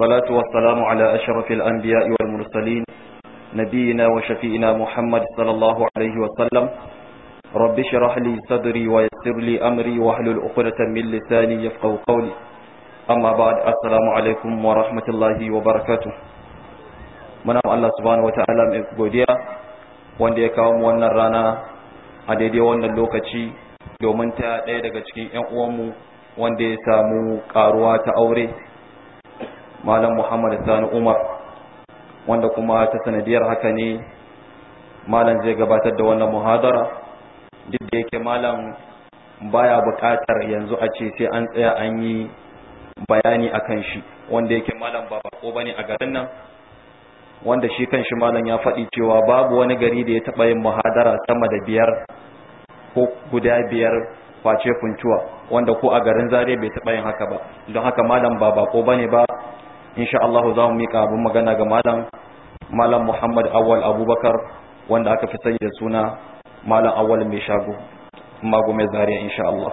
والصلاة والسلام على أشرف الأنبياء والمرسلين نبينا وشفينا محمد صلى الله عليه وسلم رب شرح لي صدري ويسر لي أمري وحل الأخرة من لساني يفقه قولي أما بعد السلام عليكم ورحمة الله وبركاته muna Allah subhanahu wataala mai godiya wanda ya kawo mu wannan rana a daidai wannan lokaci domin ta ɗaya daga cikin 'yan uwanmu wanda ya samu karuwa ta aure malam muhammad sani umar wanda kuma ta sanadiyar haka ne malam zai gabatar da wannan muhadara duk da yake malam baya buƙatar yanzu a ce sai an tsaya an yi bayani a kan shi wanda yake malam ba bako ba ne a garin nan wanda shi kan shi malam ya faɗi cewa babu wani gari da ya taɓa yin muhadara sama da biyar ko guda biyar face kuntuwa wanda ko a garin zare bai taɓa yin haka ba don haka malam ba bako ba ne ba insha Allah za mu mika abin magana ga malam malam Muhammad Awal Abubakar wanda aka fi sani da suna malam Awal mai shago mago mai zariya insha Allah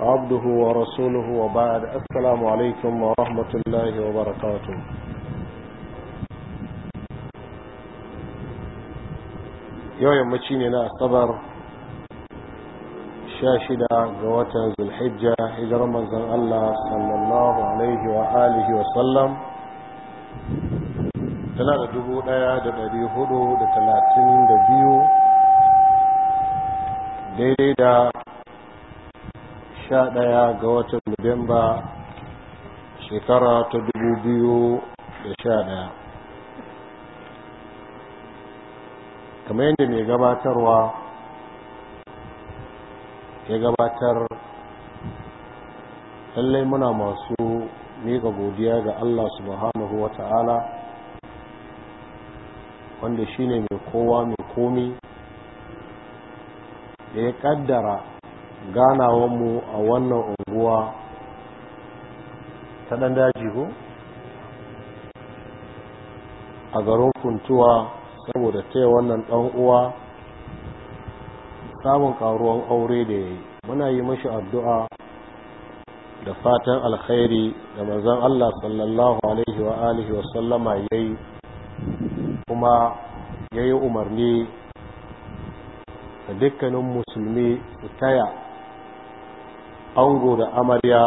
عبده ورسوله وبعد السلام عليكم ورحمة الله وبركاته yau yammaci ne na asabar sha shida ga watan zulhijja hijirar manzon Allah sallallahu alaihi wa alihi wa sallam tana da dubu ɗaya da ɗari hudu da talatin da biyu daidai da sha ɗaya ga watan Nuwamba shekara ta dubu biyu da sha ɗaya. Kamar yadda mai gabatarwa ya gabatar lallai muna masu miƙa godiya ga Allah subhanahu wa ta'ala wanda shi ne mai kowa mai komi da ya ƙaddara ganawanmu a wannan unguwa ta ɗan daji ko a garin kuntuwa saboda taya wannan ɗan uwa samun ƙaruwan aure da ya yi muna yi mashi addu'a da fatan alkhairi da mazan Allah sallallahu alaihi wa alihi wa sallama ya yi, kuma ya yi umarni da dukkanin musulmi su taya ango da amarya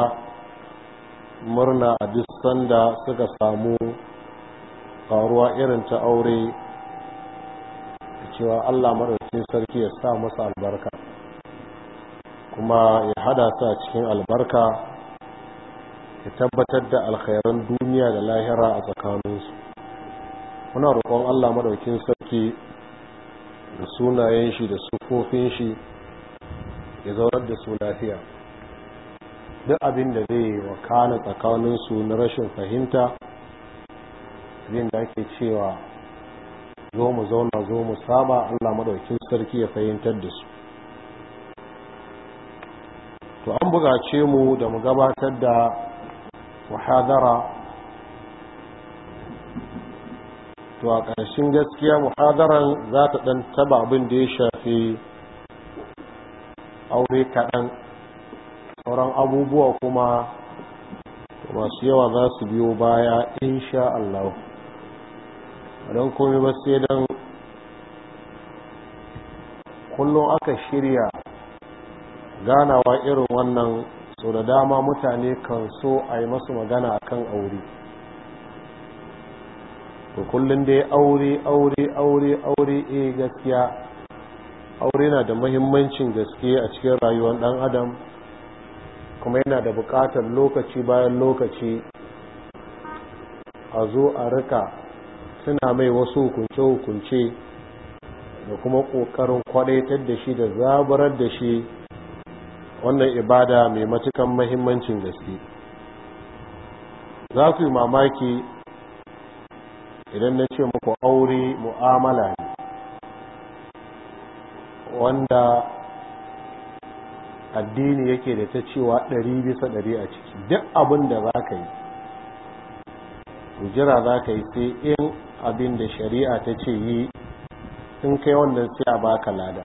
murna a duk sanda suka samu faruwa irin ta aure cewa allah maɗaukin sarki ya sa masa albarka kuma ya hada su cikin albarka ya tabbatar da alkhairan duniya da lahira a tsakaninsu muna roƙon allah maɗaukin sarki da sunayen shi da sufofin shi ya zaunar da su lafiya duk abin da zai wakana tsakaninsu na rashin fahimta abin da ake cewa zo mu zauna zo mu saba allah maɗaukin sarki ya fahimtar da su to an bugace mu da mu gabatar da muhadara to a ƙarshen gaskiya muhadaran za ta ɗan taba abin da ya shafi aure kaɗan sauran abubuwa kuma masu yawa za su biyo baya insha Allah don komai ba sai don kullum aka shirya ganawa irin wannan sau da dama mutane kan so a yi masu magana a kan aure to kullum dai aure aure aure aure eh gaskiya aure na da mahimmancin gaske a cikin rayuwar dan adam kuma yana da bukatar lokaci bayan lokaci a zo a rika suna mai wasu hukunce-hukunce da kuma ƙoƙarin kwadaitar da shi da zabarar da shi wannan ibada mai matukan mahimmancin gaske za su yi mamaki idan na ce muku aure mu'amala ne wanda addini yake da ta cewa ɗari bisa ɗari a ciki duk abin da za ka yi hujira za ka yi sai in abin da shari'a ta ce yi in kai wannan sai a baka lada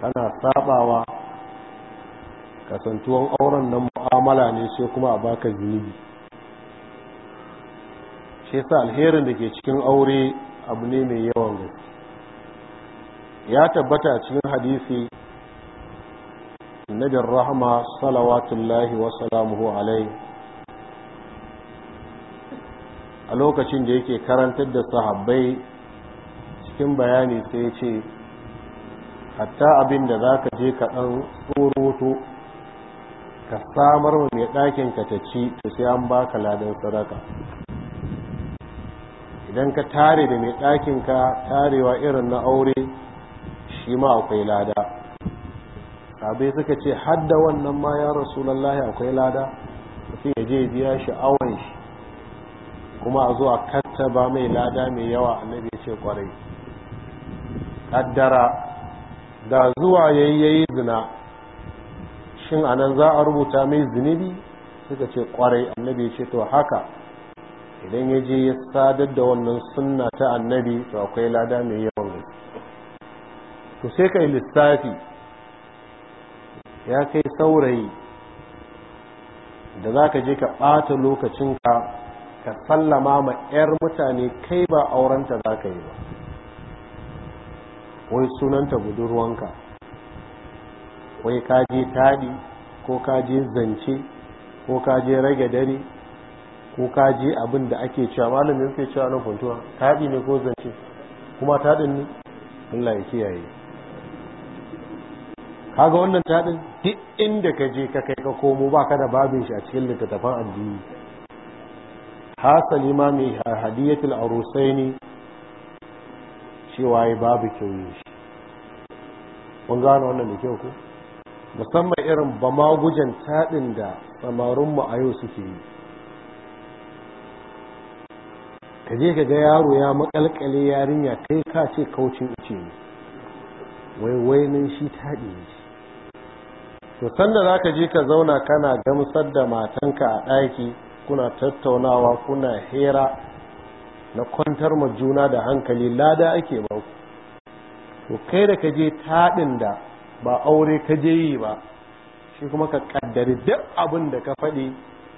kana sabawa kasantuwan auren nan mu'amala ne sai kuma a baka zunubi shi sa alherin da ke cikin aure abu ne mai yawan gaske ya tabbata cikin hadisi نبي الرحمة صلوات الله وسلامه عليه a lokacin da yake karantar da sahabbai cikin bayani sai ya ce hatta abin da za ka je kaɗan ɗan tsoroto ka samar mai ɗakinka ta ci to sai an baka ladan sadaka idan ka tare da mai ɗakin ka tarewa irin na aure shi ma akwai lada sabai suka ce hadda wannan ma ya rasu lallahi akwai lada mutum ya je biya shi awon shi kuma a zo a kattaba mai lada mai yawa annabi ya ce kwarai kaddara da zuwa yayyayi zina shin anan za a rubuta mai zunubi suka ce kwarai annabi ya ce to haka idan ya je ya sadar da wannan sunna ta annabi to akwai lada mai yawan gaske to sai ka yi lissafi ya kai saurayi da za ka je ka ɓata lokacinka ka sallama ma 'yar mutane kai ba aurenta za ka yi ba wai sunanta budurwanka wai ka je taɗi ko ka je zance ko ka je rage dare ko ka je abin da ake cewa malamin sai cewa na kuntuwa taɗi ne ko zance kuma taɗin ne Allah ya kiyaye kaga wannan taɗin duk inda ka je ka kai ka komo ba ka da babin shi a cikin littattafan addini hasali ma mai hadiyatul arusai ne cewa ya babu kyau shi kun gano wannan da kyau ku musamman irin ba magujan taɗin da mu a yau suke yi ka je ka ga yaro ya makalkale yarinya kai ka ce kaucin ice ne wai wainan shi taɗi ne to sanda za ka je ka zauna kana gamsar da matanka a ɗaki kuna tattaunawa kuna hera na kwantar ma juna da hankali lada ake ba ku to kai da ka je taɗin da ba aure ka je yi ba shi kuma ka ƙaddari duk abin da ka faɗi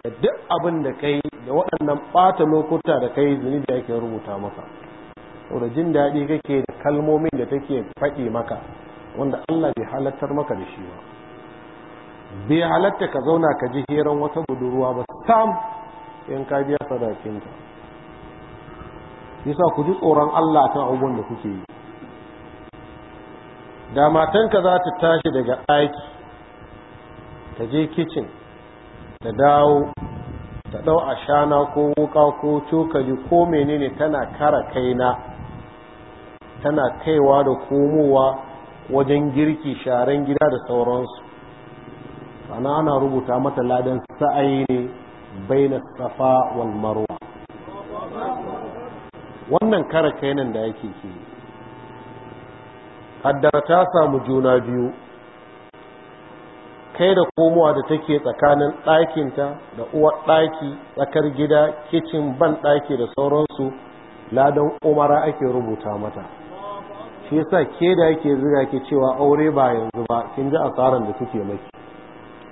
da duk abin da ka yi da waɗannan ɓata lokuta da ka yi da ake rubuta maka da jin daɗi kake da kalmomin da take faɗi maka wanda Allah bai halattar maka da shi ba bai halatta ka zauna ka ji heran wata budurwa ba sam in ka biya sadakinta yasa ku ji tsoron Allah kan abubuwan da kuke yi da matanka za ta tashi daga ɗaki ta je kicin ta dawo ta ɗau shana ko wuka ko cokali ko menene tana kara kaina tana kaiwa da komowa wajen girki sharan gida da sauransu ana ana rubuta mata ladan sa'ayi ne baina safa wal marwa wannan kare kainan da yake ke haddara ta samu juna biyu kai da komowa da take tsakanin ɗakinta da uwar ɗaki tsakar gida kicin ban ɗaki da sauransu ladan umara ake rubuta mata shi yasa ke da yake ziga ke cewa aure ba yanzu ba kin ji asaran da kuke maki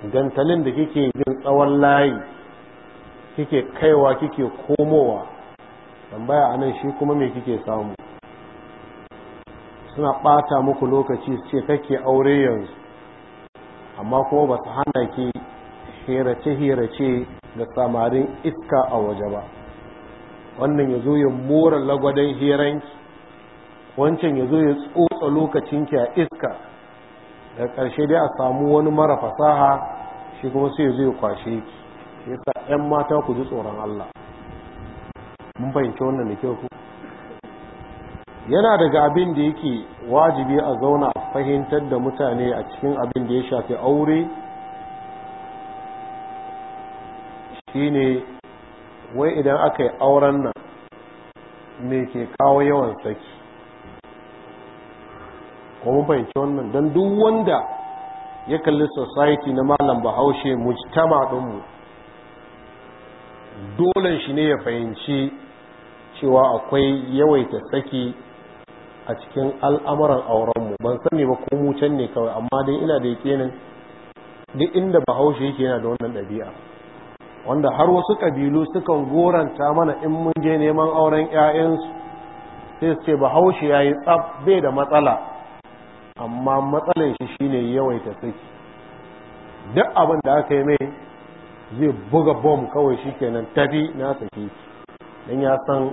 gantalin da kike yin tsawon layi kike kaiwa kike komowa tambaya anan shi kuma me kike samu suna ɓata muku lokaci ce kake aure yanzu amma kuma ba su hana ki hirace-hirace da samarin iska a waje ba wannan ya zo ya mora lagwadon hiranki wancan ya zo ya tsotsa lokacinki a iska da ƙarshe dai a samu wani mara fasaha shi kuma sai zai kwashe ya yasa ƴan mata ku ji tsoron Allah mun fahimci wannan da kyau yana daga abin da yake wajibi a zauna a fahimtar da mutane a cikin abin da ya shafi aure shine wai idan aka yi auren nan me ke kawo yawan saki ko mun fahimci wannan don duk wanda ya kalli society na malam bahaushe mujtama ɗinmu dole shi ne ya fahimci cewa akwai yawaita saki a cikin al'amuran aurenmu ban sani ba ko mu can ne kawai amma dai ina da yakinin duk inda bahaushe yake yana da wannan ɗabi'a wanda har wasu ƙabilu sukan goranta mana in mun je neman auren 'ya'yansu sai su ce bahaushe ya yi tsaf bai da matsala amma matsalan shi shine yawaita saki duk abin da aka yi mai zai buga bom kawai shikenan tafi na saki dan ya san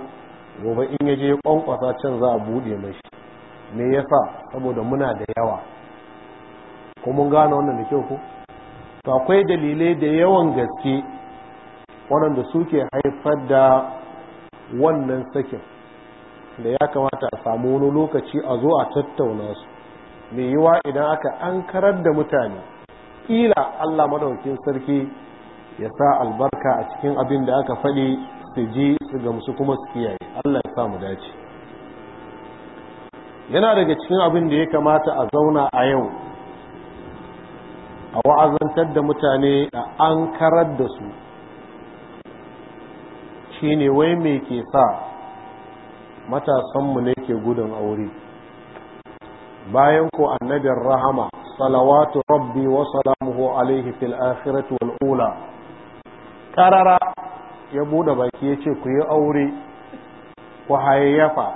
gobe in ya je kwankwasa can za a bude mashi me yasa saboda muna da yawa ko mun gane wannan da kyau ko to akwai dalilai da yawan gaske waɗanda suke haifar da wannan sakin da ya kamata a samu wani lokaci a zo a tattauna su mai yiwa idan aka an karar da mutane ƙila allah maɗaukin sarki ya sa albarka a cikin abin da aka faɗi su ji su gamsu kuma su kiyaye allah ya samu dace yana daga cikin abin da ya kamata a zauna a yau a wa'azantar da mutane a an karar da su shine wai mai ke sa matasanmu ne ke gudun aure bayan ko annabin rahama salawatu rabbi wa salamuhu alaihi fil akhirati wal ula karara ya bude baki yace ku yi aure ku hayyafa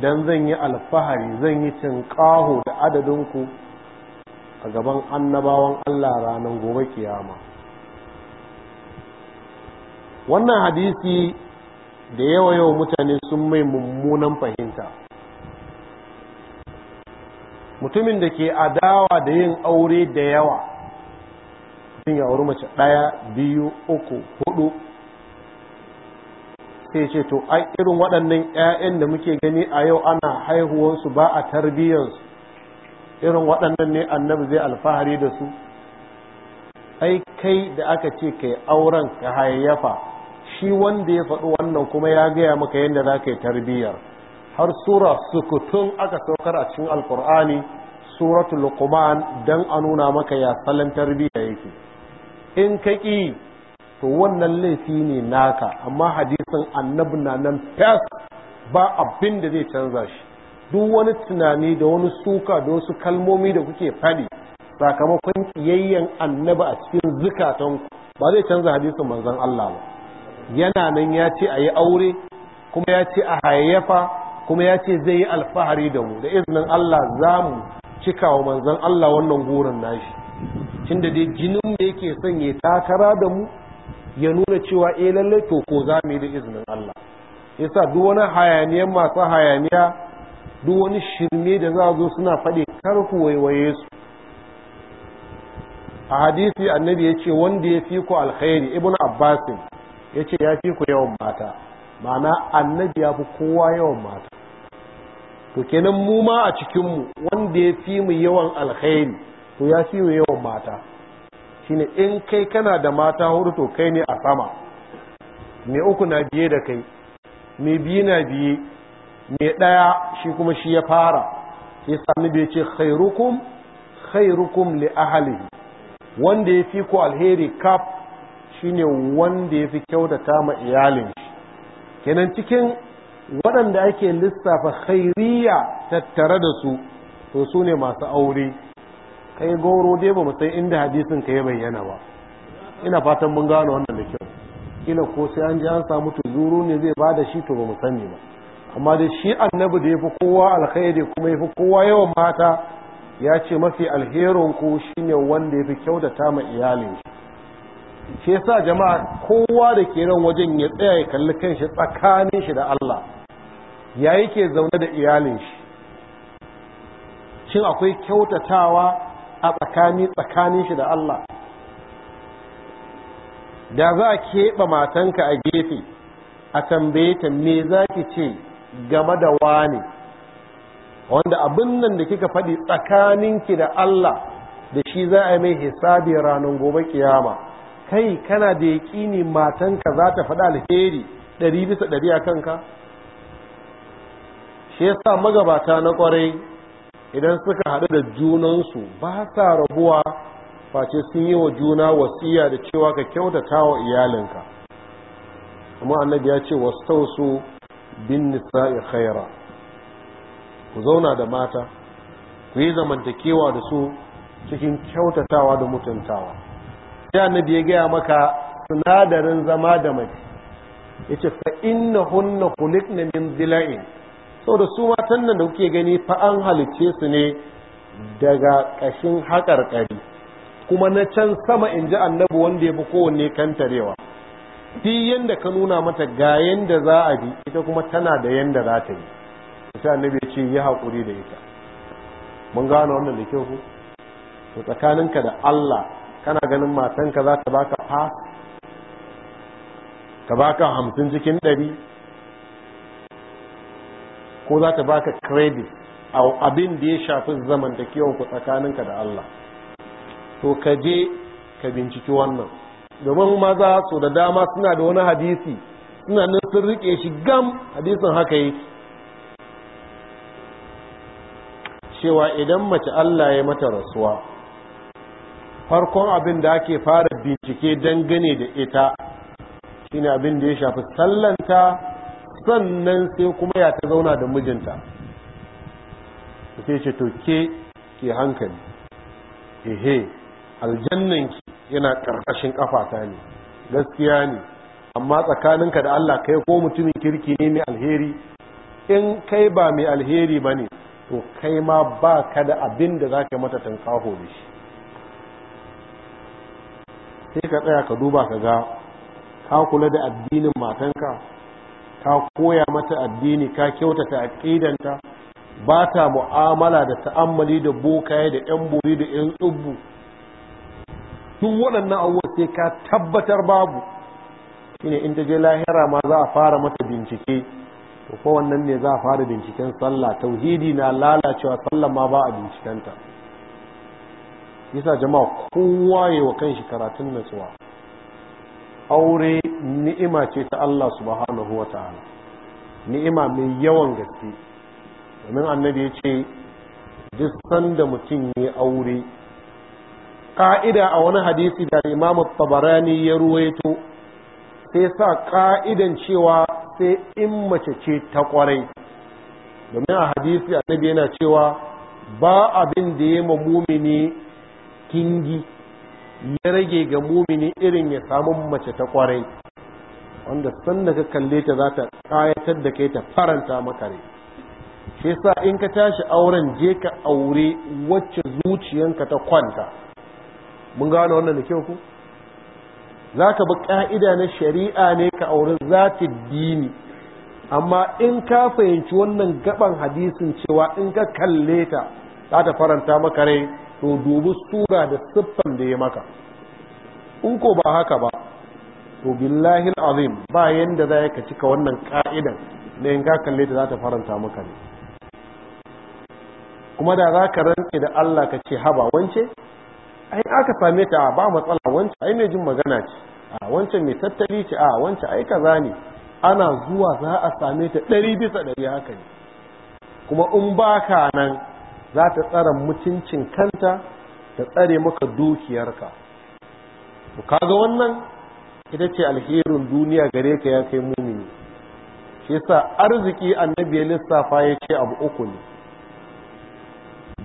dan zan yi alfahari zan yi tinqaho da adadin ku a gaban annabawan Allah ranar gobe kiyama wannan hadisi da yawa yawa mutane sun mai mummunan fahimta mutumin da ke adawa da yin aure da yawa mutum yi auri mace ɗaya biyu uku hudu sai ce to a irin waɗannan 'ya'yan da muke gani a yau ana haihuwansu ba a tarbiyyarsu irin waɗannan ne annabi zai alfahari da su ai kai da aka ce kai auren ka hayayyafa shi wanda ya faɗi wannan kuma ya gaya maka yadda za ka yi tarbiyyar har sura sukutun aka saukar a cikin alkur'ani suratul luqman dan a nuna maka ya salon tarbiyya yake in ka ƙi to wannan laifi ne naka amma hadisin annabi na nan fas ba abin da zai canza shi duk wani tunani da wani suka da wasu kalmomi da kuke faɗi sakamakon kiyayyen annabi a cikin zukatanku ba zai canza hadisin manzon Allah ba yana nan ya ce a yi aure kuma ya ce a hayyafa. kuma ya ce zai yi alfahari da mu da izinin Allah za mu cika wa manzan Allah wannan goron nashi cin da dai jinin da yake son ya takara da mu ya nuna cewa eh lallai to ko za mu yi da izinin Allah yasa duk wani hayaniyan masu hayaniya duk wani shirme da za zo suna faɗi karku ku waiwaye su a hadisi annabi ya ce wanda ya fi ku alkhairi ibn abbasin ya ce ya fi ku yawan mata ma'ana annabi ya fi kowa yawan mata to kenan mu ma a cikinmu wanda ya fi mu yawan alkhairi to ya fi mu yawan mata shine in kai kana da mata hudu to kai ne a sama Me uku na biye da kai me biyu na biye me ɗaya shi kuma shi ya fara ya sami bai ce khairukum khairukum li ahalihi wanda ya fi ku alheri kaf shine wanda ya fi kyautata ma iyalin kenan cikin waɗanda ake lissafa khairiyya tattare da su to su ne masu aure kai goro dai ba san inda hadisin ka ya bayyana ba ina fatan mun gano wannan da kyau kila ko sai an ji an samu tuzuru ne zai ba da shi to ba mu sani ba amma da shi annabi da ya fi kowa alkhairi kuma ya fi kowa yawan mata ya ce mafi alherin ku shine wanda ya fi kyautata ma iyalin shi shi sa jama'a kowa da ke ran wajen ya tsaya ya kalli kanshi tsakanin shi da Allah ya yake zaune da iyalin shi shin akwai kyautatawa a tsakani tsakanin shi da Allah da za a keɓe matanka a gefe a tambaye ta me za ki ce game da ne? wanda abin nan da kika faɗi tsakaninki da Allah da shi za a yi mai hisabi ranar gobe kiyama kai kana da yaƙini matanka za ta faɗa alheri ɗari bisa ɗari a kanka shi yasa magabata na ƙwarai idan suka haɗu da junansu ba sa rabuwa face sun yi wa juna wasiya da cewa ka kyautata wa iyalinka kuma annabi ya ce wasu bin nisa'i khaira ku zauna da mata ku yi zamantakewa da su cikin kyautatawa da mutuntawa ya na ya gaya maka sinadarin zama da mace ya ce fa inna hunna khuliqna min sau da su matan nan da kuke gani fa an halicce su ne daga ƙashin haƙarƙari kuma na can sama in ji annabi wanda ya fi kowanne kantarewa fi yanda ka nuna mata ga yanda za a bi ita kuma tana da yanda za ta yi sai annabi ya ce yi haƙuri da ita mun gane wannan da kyau ku tsakaninka da Allah kana ganin matanka za ta baka fa ta baka hamsin cikin ɗari ko za ta baka credit a abin da ya shafi zamantakewa ku tsakaninka da Allah to ka je ka binciki wannan domin maza su da dama suna da wani hadisi suna nan sun rike shi gam hadisin haka yi. cewa idan mace Allah ya mata rasuwa farkon abin da ake fara bincike dangane da ita shine abin da ya shafi sallanta sannan sai kuma ya ta zauna da mijinta sai ce to ke hankali ehe aljannan ki yana ƙarƙashin ƙafata ne gaskiya ne amma tsakaninka da Allah kai ko mutumin kirki ne mai alheri in kai ba mai alheri ba ne to kai ma ba ka da abin da za mata tankaho da shi sai ka tsaya ka duba ka ga ka kula da addinin matanka ka koya mata addini ka kyautata aqidanta ba ta mu'amala da ta'ammali da bokaye da yan bori da yan tsubbu duk waɗannan abubuwa sai ka tabbatar babu shine in ta je lahira ma za a fara mata bincike to ko wannan ne za a fara binciken sallah tauhidi na lalacewa sallah ma ba a bincikenta yasa jama'a kowa yi wa kanshi karatun natsuwa aure ni'ima ce ta Allah subhanahu wa ta'ala ni'ima mai yawan gaske domin annabi ya ce duk sanda mutum ya aure Ka'ida a wani hadisi da imamu tabarani ya ruwaito sai sa ka'idan cewa sai in mace ce ta kwarai domin a hadisi annabi yana cewa ba abin da ya mamumini kingi ya rage ga mumini irin ya samu mace ta kwarai wanda sanda ka kalle ta za ta kayatar da kai ta faranta maka rai shi yasa in ka tashi auren je ka aure wacce zuciyanka ta kwanta mun gano wannan da kyau ku za ka bi ka'ida na shari'a ne ka aure zati dini amma in ka fahimci wannan gaban hadisin cewa in ka kalle ta za ta faranta maka rai to dubi sura da siffan da ya maka in ko ba haka ba to billahi azim ba yanda za ka cika wannan ka'idan na in ka kalle ta za ta faranta maka ne kuma da za ka rantse da Allah ka ce haba wance ai aka same ta ba matsala wance ai mai jin magana ce a wance mai tattali ce a wance ai ka ne ana zuwa za a same ta ɗari bisa ɗari haka ne kuma in baka nan za ta tsara mutuncin kanta ta tsare maka dukiyarka to kaga wannan ita ce alherin duniya gare ka ya kai mumini shi yasa arziki annabi ya lissafa ya ce abu uku ne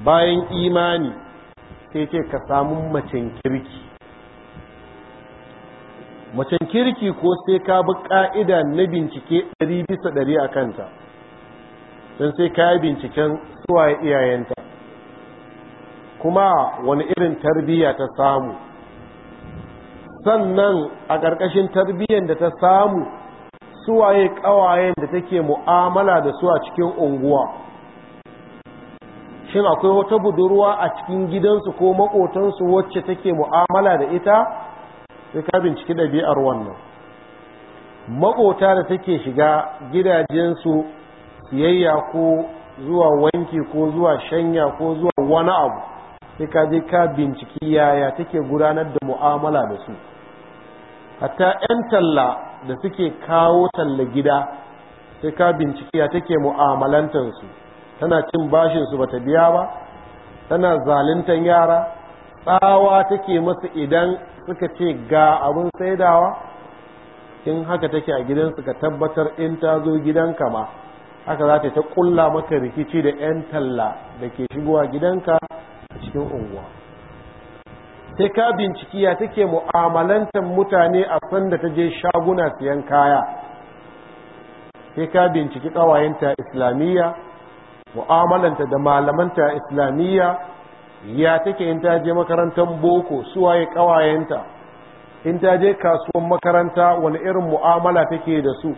bayan imani sai ce ka samu macen kirki macen kirki ko sai ka bi ka'ida na bincike 100 bisa 100 a kanta don sai ka yi binciken suwaye iyayenta kuma wani irin tarbiyya ta samu sannan a ƙarƙashin tarbiyyar da ta samu suwaye ƙawayen da take mu'amala da su a cikin unguwa shin akwai wata budurwa a cikin gidansu ko maƙotansu wacce take mu'amala da ita sai ka binciki ɗabi'ar wannan maƙota da take shiga gidajensu siyayya ko zuwa wanki ko zuwa shanya ko zuwa wani abu sai ka je ka binciki yaya take gudanar da mu'amala da su hatta 'yan talla da suke kawo talla gida sai ka binciki ya take mu'amalantansu tana cin bashinsu ba ta biya ba tana zaluntar yara tsawa take masu idan suka ce ga abin saidawa in haka take a gidansu ka tabbatar in ta zo gidanka ma haka za ta ta kulla maka rikici da 'yan talla da ke shigowa gidanka cikin unguwa sai ka binciki ya take mu'amalantar mutane a sanda ta je shaguna siyan kaya sai ka binciki ƙawayenta islamiyya mu'amalanta da malamanta islamiyya ya take in ta je makarantar boko suwaye ƙawayenta in ta je kasuwan makaranta wani irin mu'amala take da su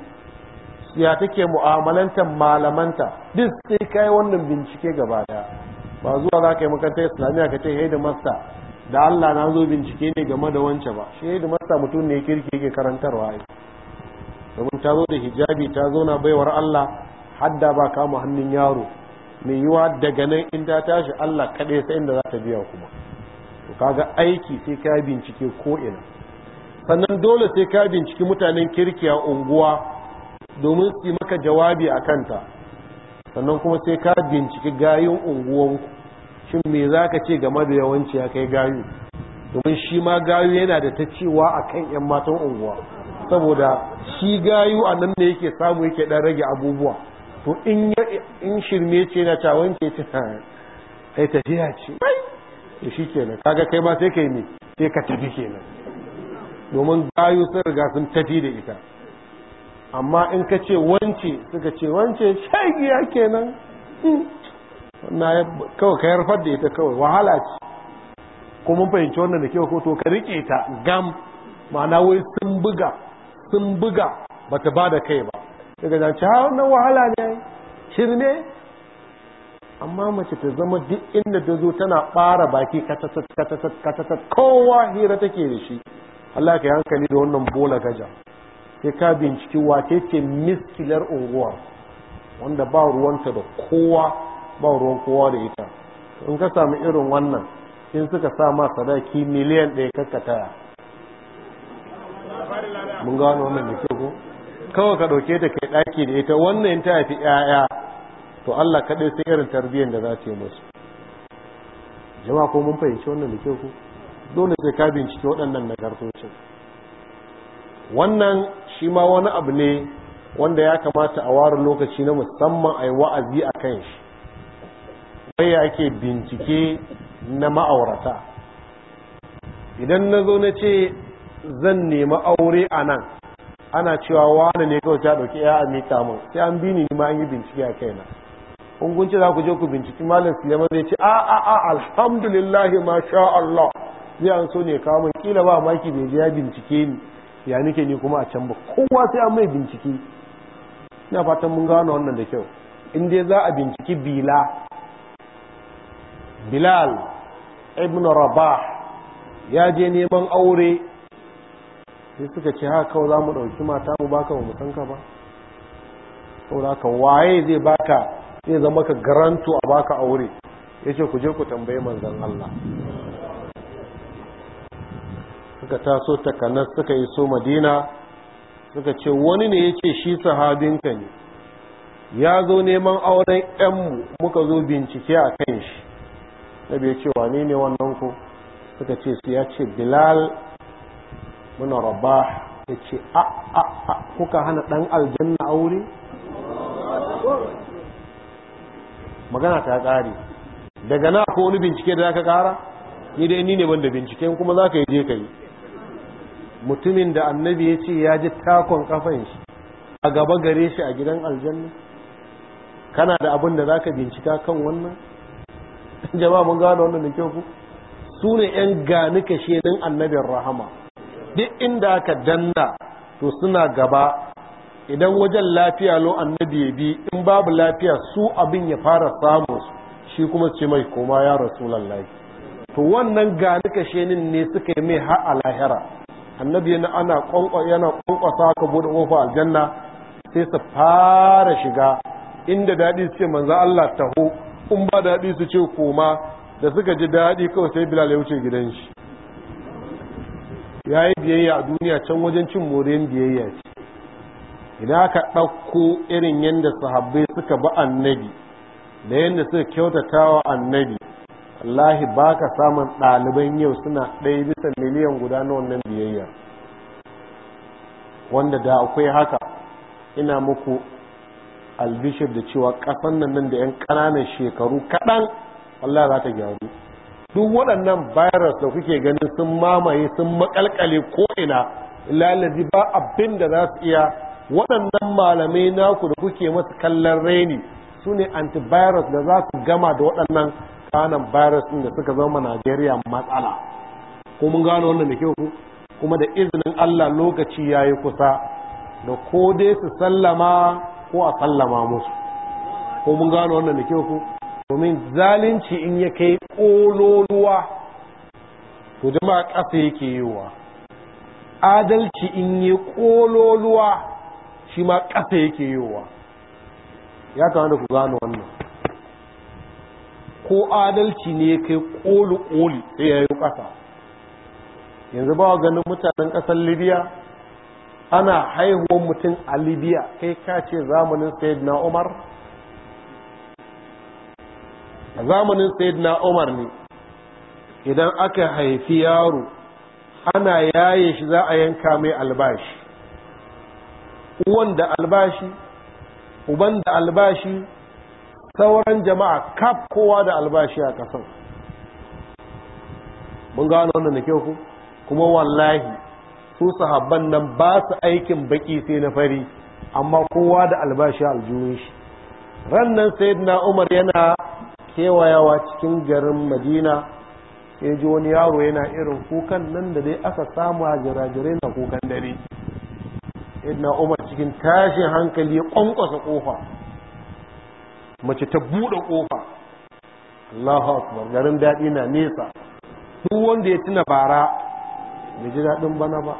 ya take mu'amalantar malamanta duk sai kai wannan bincike gaba daya ba zuwa za ka yi makarantar islamiyya ka ce haidu masta da allah na zo bincike ne game da wance ba shi haidu masta mutum ne kirki yake karantarwa ai domin ta zo da hijabi ta zo na baiwar allah hadda ba kama hannun yaro mai yiwa daga nan in ta tashi allah kaɗai sai inda za ta biya kuma to ga aiki sai ka bincike ko ina sannan dole sai ka binciki mutanen kirki a unguwa domin su yi maka jawabi a kanta sannan kuma sai ka binciki gayun unguwanku shin me za ka ce game da yawanci ya kai gayu domin shi ma gayu yana da ta cewa a kan 'yan matan unguwa saboda shi gayu a nan ne yake samu yake dan rage abubuwa to in shirme ce na cawon ke ce kai tafiya ce da shi kenan kaga kai ma sai kai ne sai ka tafi kenan domin gayu sun riga sun tafi da ita amma in ka ce wance suka ce wance shagiya kenan na kawai ka yarfar da ita kawai wahala ce ko mun fahimci wannan da ke ko to ka rike ta gam ma'ana wai sun buga sun buga bata ba da kai ba daga zance ha na wahala ne shirme amma mace ta zama duk inda ta zo tana bara baki katasat katasat katasat kowa hira take da shi Allah ka yi hankali da wannan bola gaja sai ka binciki wace ce miskilar unguwar wanda ba ruwanta da kowa ba ruwan kowa da ita in ka sami irin wannan in suka sa ma sadaki miliyan ɗaya kakkataya mun gano wannan da ke ko kawai ka ɗauke ta kai ɗaki da ita wannan ta haifi ‘ya'ya to Allah kaɗai sai irin tarbiyyar da za ta yi musu jama'a ko mun fahimci wannan da ke ku dole sai ka binciki waɗannan nagartocin wannan shi ma wani abu ne wanda ya kamata a ware lokaci na musamman a yi wa'azi a kan shi ya ke bincike na ma'aurata idan na zo na ce zan nemi aure a nan ana cewa wani ne kawai ta ɗauki ya amika mun? sai an bini ni ma an yi bincike a kaina na. za ku je ku binciki malam sulaiman zai ce a a a alhamdulillahi ma sha Allah zai an so ne kawo min kila ba maki bai je ya bincike ni ya nake ni kuma a can ba kowa sai an mai bincike ina fatan mun gano wannan da kyau in dai za a binciki bila bilal ibn rabah ya je neman aure sai suka ce haka kawai za mu ɗauki mata mu baka mu musanka ba saboda haka waye zai baka zai zama ka garanto a baka aure ya ce ku je ku tambaye manzan Allah suka taso takanar suka yi so madina suka ce wani ne ya ce shi sahabinka ne ya zo neman auren yanmu muka zo bincike a kan shi na biya ce wane ne wannan ku suka ce su ya ce bilal muna rabba ya ce a a a kuka hana dan aljanna aure magana ta ƙare daga na ko wani bincike da za ka ƙara ni dai ni ne ban da binciken kuma za ka yi je ka yi mutumin da annabi ya ce ya ji takon kafan shi a gaba gare shi a gidan aljanna kana da abin da zaka bincika kan wannan jama'a mun gano wannan da kyau ku su ne yan gani kashe din annabin rahama duk inda aka danna to suna gaba idan wajen lafiya lo annabi ya bi in babu lafiya su abin ya fara samu shi kuma ce mai koma ya rasu lallai. to wannan gani kashe ne suka yi mai har a lahira annabi yana ana yana kwankwasa ka bude kofa aljanna sai su fara shiga inda daɗi su ce manzo Allah taho in ba daɗi su ce koma da suka ji daɗi kawai sai bilal ya wuce gidan shi ya biyayya a duniya can wajen cin moriyar biyayya ce idan aka ɗauko irin yadda sahabbai suka ba annabi da yadda suka kyautatawa annabi wallahi ba ka samun ɗaliban yau suna ɗaya bisa miliyan guda na wannan biyayya wanda da akwai haka ina muku albishir da cewa ƙasan nan nan da 'yan ƙananan shekaru kaɗan Allah za ta gyaru duk waɗannan virus da kuke ganin sun mamaye sun maƙalƙale ko'ina lalazi ba abin da za su iya waɗannan malamai naku da kuke masu kallon reni su ne antivirus da za su gama da waɗannan kanan virus ɗin da suka zama Najeriya matsala ko mun gano wannan da kyau kuma da izinin Allah lokaci ya yi kusa da ko dai su sallama ko a sallama musu ko mun gano wannan da kyau domin zalunci in ya kai ƙololuwa to jama'a ƙasa yake yiwa adalci in yi ƙololuwa shi ma ƙasa yake yiwa ya kamata ku gano wannan ko adalci ne kai kolu koli sai ya yi ƙasa yanzu ba ganin mutanen ƙasar libya ana haihuwar mutum a libya kai ka ce zamanin sayid na umar a zamanin sayid na umar ne idan aka haifi yaro ana yaye shi za a yanka mai albashi uwan da albashi uban da albashi sauran jama'a kaf kowa da albashi a kasan mun gano wanda na kyau ku kuma wallahi su sahabban nan ba su aikin baki sai na fari amma kowa da albashi aljihun shi rannan sayyidina umar yana kewayawa cikin garin madina ya ji wani yaro yana irin kukan nan da dai aka samu a jirajirai na kukan dare sayyidina umar cikin tashin hankali ya kwankwasa kofa mace ta buɗe ƙofa Allahu akbar garin daɗi na nesa duk wanda ya tuna bara bai ji daɗin bana ba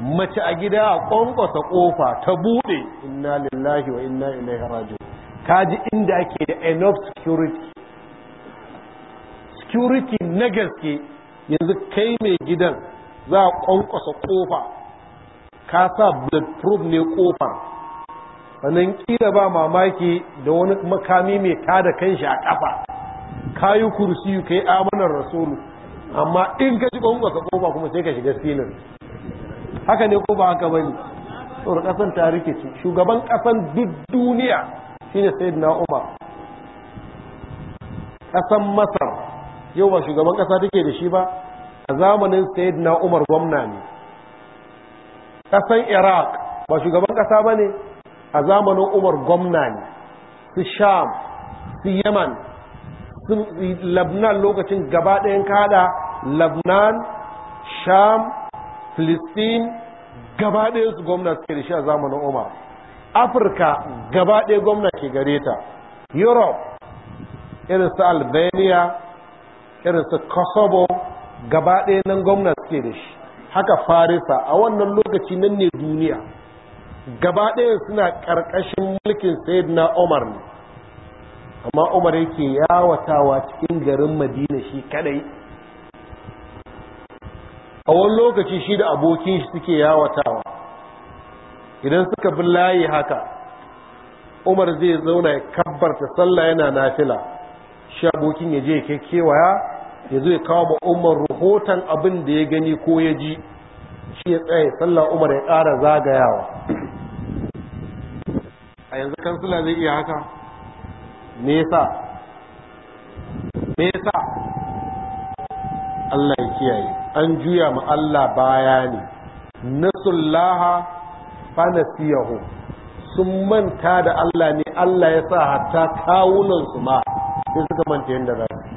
mace a gida a ƙwanƙwasa ƙofa ta buɗe inna lillahi wa inna ilaihi kaji inda ake da enough security security na gaske yanzu kai mai gidan za a ƙwanƙwasa ƙofa ka sa probe ne ƙofar sannan kila ba mamaki da wani makami mai kada kanshi a kafa kayi kursi kai amanar rasulu amma in ka ji kwanwa ka kofa kuma sai ka shiga filin haka ne ko ba haka bane tsoron kasan ta rikici shugaban ƙasan duk duniya shine na umar kasan masar yau ba shugaban kasa take da shi ba a zamanin na umar gwamna ne Ƙasan iraq ba shugaban kasa ne? a zamanin umar gwamna ne su sham su yaman su labnan lokacin gaba ɗayan kada labnan sham filistin gaba ɗayan su gwamna ke da shi a zamanin umar afirka gaba ɗaya gwamna ke gare ta europe irin su albania irin su kosovo gaba ɗaya nan gwamna ke da shi haka farisa a wannan lokaci nan ne duniya gaba ɗaya suna ƙarƙashin mulkin na umar ne amma umar yake yawatawa cikin garin madina shi kadai a wani lokaci shi da abokin shi suke yawatawa idan suka bi layi haka umar zai zauna ya kabbarta sallah yana nafila shi abokin ya je ya kewaya ya zo ya kawo ma umar rahoton abin da ya gani ko ya ji shi ya tsaye sallah umar ya ƙara zagayawa a yanzu kansila zai iya haka nesa nesa Allah ya kiyaye an juya ma Allah baya ne nasullaha fanasiyahu sun manta da Allah ne Allah ya sa hatta kawunan ma sai suka manta yadda za su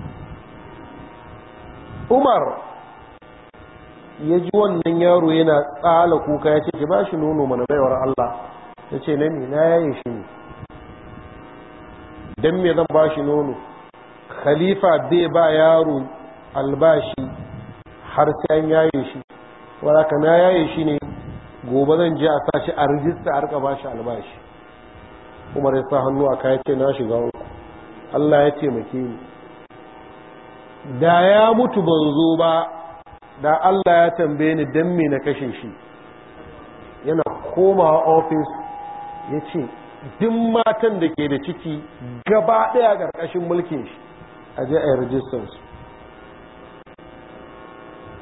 Umar ya ji wannan yaro yana tsala kuka ya ce ki ba shi nono mana baiwar Allah ta ce na ne na yaye shi ne don me zan ba shi nono khalifa bai ba yaro albashi har sai an yaye shi waraka na yaye shi ne gobe zan je a sashi a rijista a rika ba shi albashi umar ya sa hannu a kayan ce na shiga uku allah ya maki ni da ya mutu ban zo ba da allah ya tambaye ni don me na kashe shi yana komawa ofis ya ce duk matan da ke da ciki gaba ɗaya ƙarƙashin mulkin shi a je a yi rajistar su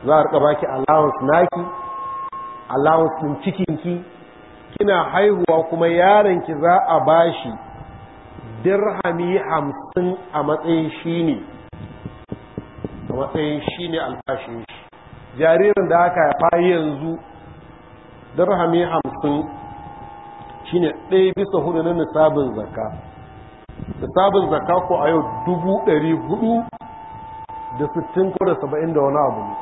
za a rika baki allowance naki allowance ɗin cikinki kina haihuwa kuma ki za a bashi dirhami hamsin a matsayin shi ne a matsayin shi ne albashin shi jaririn da aka haifa yanzu dirhami hamsin shine ɗaya bisa hudu na nisabin zaka nisabin zaka ko a yau dubu ɗari hudu da sittin ko da saba'in da wani abu ne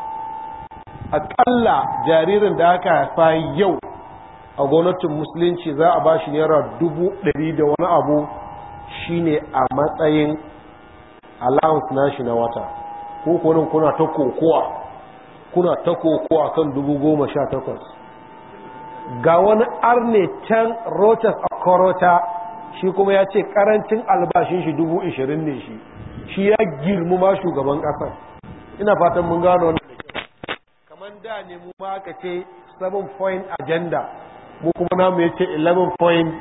aƙalla jaririn da aka haifa yau a gwamnatin musulunci za a ba shi naira dubu ɗari da wani abu shine a matsayin allowance shi na wata ko kuna ta kokowa kuna ta kokowa kan dubu goma sha takwas ga wani arne can rotas a korota shi kuma ya ce karancin albashin shi dubu ishirin ne shi shi ya girmu ma shugaban ƙasar ina fatan mun gano wani kamar da ne mu ba ka ce 7 point agenda mu kuma namu ya ce 11 point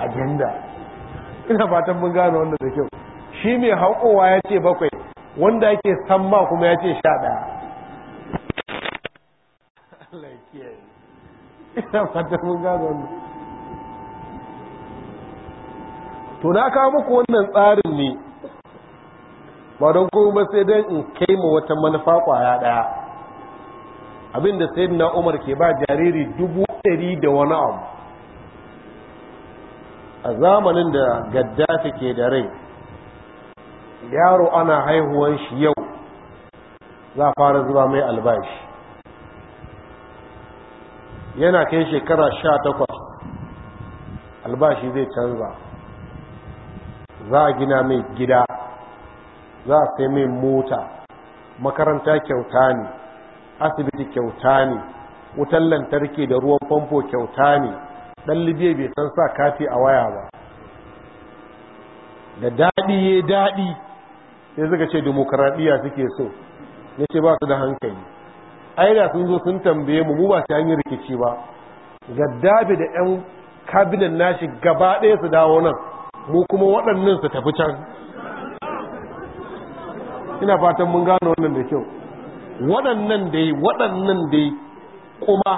agenda ina fatan mun gano wanda da kyau shi mai haƙowa ya ce bakwai wanda yake ma kuma ya ce sha ɗaya ina to na kawo muku wannan tsarin ne ba don kuma ba sai don in kai ma wata manufa kwaya daya abinda sai na umar ke ba jariri dubu dari da wani abu a zamanin da gaddafi ke da rai yaro ana haihuwan shi yau za fara zuba mai albashi yana kai shekara sha takwas albashi zai canza za a gina mai gida za a sai mai mota makaranta kyauta ne asibiti kyauta ne wutan lantarki da ruwan famfo kyauta ne ɗan libya bai san sa kafi a waya ba da daɗi ya daɗi sai suka ce demokaradiyya suke so ya ce ba su da hankali ai sun zo sun tambaye mu mu ba ta hanyar rikici ba gaddafi da yan kabinan nashi gaba ɗaya su dawo nan mu kuma waɗannan su tafi can ina fatan mun gano wannan da kyau waɗannan dai waɗannan dai kuma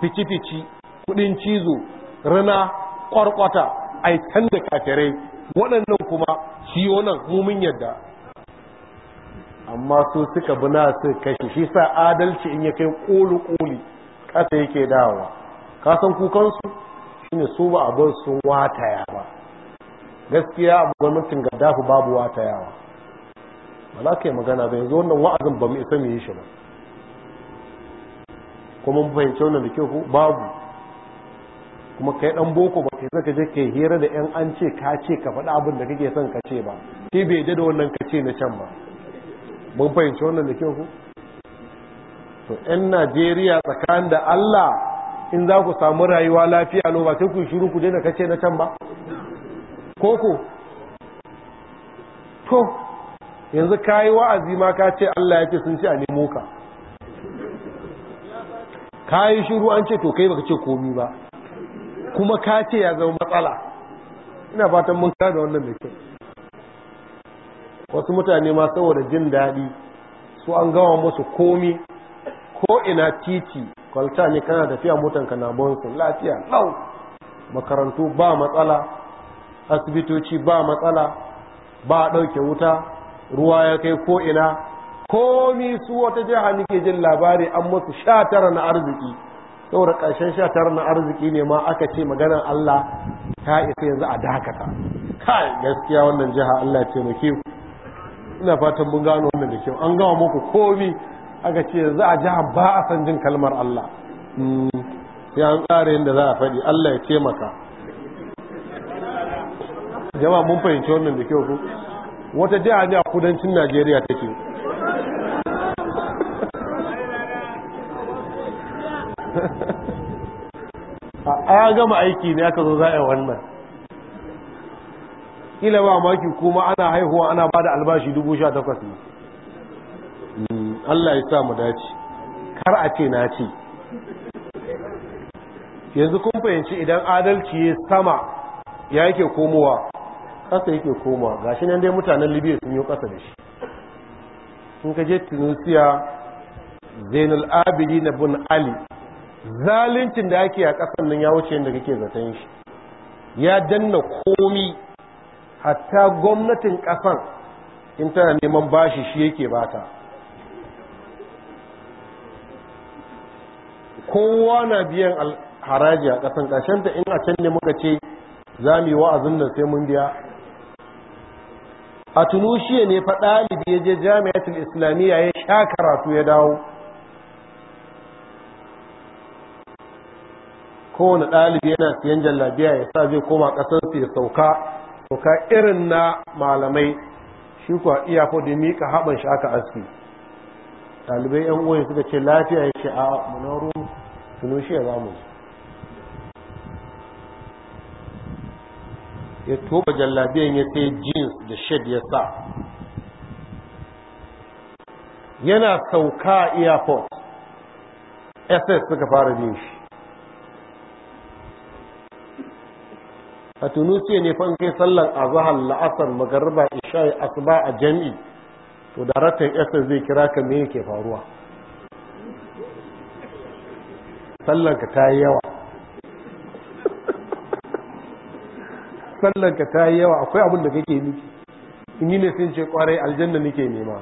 fici-fici kudin cizo rana ƙwarƙwata aitan da kafirai waɗannan kuma ciyo nan mumin yadda amma su suka bi na su kashe shi sa adalci in ya kai ƙoli ƙoli ƙasa yake dawowa kasan kukansu shine su ba abin sun wataya ba gaskiya abu gwamnatin gaddafi babu watayawa ba za ka yi magana ba yanzu wannan wa'azin ba mu isa mu yi shi ba kuma fahimci wannan da kyau babu kuma kai ɗan boko ba kai zaka je hira da yan an ce ka ce ka faɗa abin da kake son ka ce ba shi bai da wannan ka ce na can ba mun fahimci wannan da kyau ku to yan najeriya tsakanin da allah in za ku samu rayuwa lafiya no ba sai ku shiru ku daina kace na can ba koko to yanzu ka yi wa'azi ma ka ce allah ya ce sun ce a nemo ka ka yi shiru an ce to kai baka ce komi ba kuma ka ce ya zama matsala ina fatan mun kada wannan da kyau wasu mutane ma saboda jin daɗi su an gawa musu komi ko ina titi kwalta ne kana tafiya mutanka na bonsu lafiya lau makarantu ba matsala asibitoci ba matsala ba ɗauke wuta ruwa ya kai ko ina komi su wata jiha nake jin labari an musu sha tara na arziki saboda ƙarshen sha tara na arziki ne ma aka ce maganar Allah ta isa yanzu a dakata kai gaskiya wannan jiha Allah ce mu ina fatan mun gano wannan da kyau an gawa muku komi aka ce za a ji ba a san jin kalmar Allah ya hmm, an tsara yadda za a faɗi Allah ya taimaka jama'a mun fahimci wannan da kyau ku wata jiha ne a kudancin Najeriya take a ya gama aiki ne aka zo za a yi wannan kila ba maki kuma ana haihuwa ana ba da albashi dubu sha takwas ne hmm, Allah ya sa mu dace kar a ce na ce yanzu kun fahimci idan adalci ya sama ya yake komowa ƙasa yake komowa Ga shi nan dai mutanen libya sun yi kasa da shi sun kaje tunisia zainul abidi na bin ali zaluncin da ake a ƙasan nan ya wuce yadda kake zaton shi ya danna komi hatta gwamnatin ƙasan in tana neman bashi shi yake bata kowa na biyan haraji a ƙasan ƙashenta in a can ne muka ce za mu yi wa'azin da sai mun biya a tunushiya ne fa ɗalibi ya je jami'atul islamiyya ya sha karatu ya dawo kowane ɗalibi yana siyan jallabiya ya sa zai koma ƙasarsu ya sauka ka irin na malamai shi kuwa iya ko da mika haɓar shi aka aski ɗalibai yan uwan suka ce lafiya ya ce a munaru tuno shi ya zamu ya toba jallabiyan ya sai jeans da shed ya sa yana sauka airport ss suka fara bin shi a tunisiya ne fa in kai sallan azahar la'asar magarba isha'i asuba a jami'i to daraktan yasa zai kira ka me yake faruwa sallanka ta yi yawa ka ta yi yawa akwai abin da kake nufi ni ne sun ce kwarai aljanna nake nema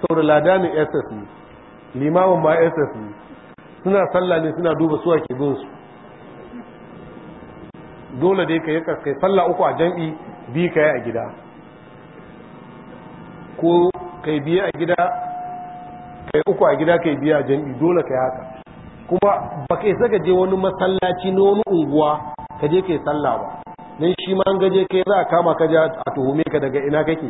saboda ne ss ne limamin ma ss ne suna sallah ne suna duba suwa ke bin su dole dai ka yi kai sallah uku a jam'i bi ka yi a gida ko kai biya a gida ka yi uku a gida kai biya a jam'i dole ka yi haka kuma ba kai saka je wani masallaci na wani unguwa ka je kai sallah ba Nan shi ma an gaje yi, za a kama ka ja a tuhume ka daga ina kake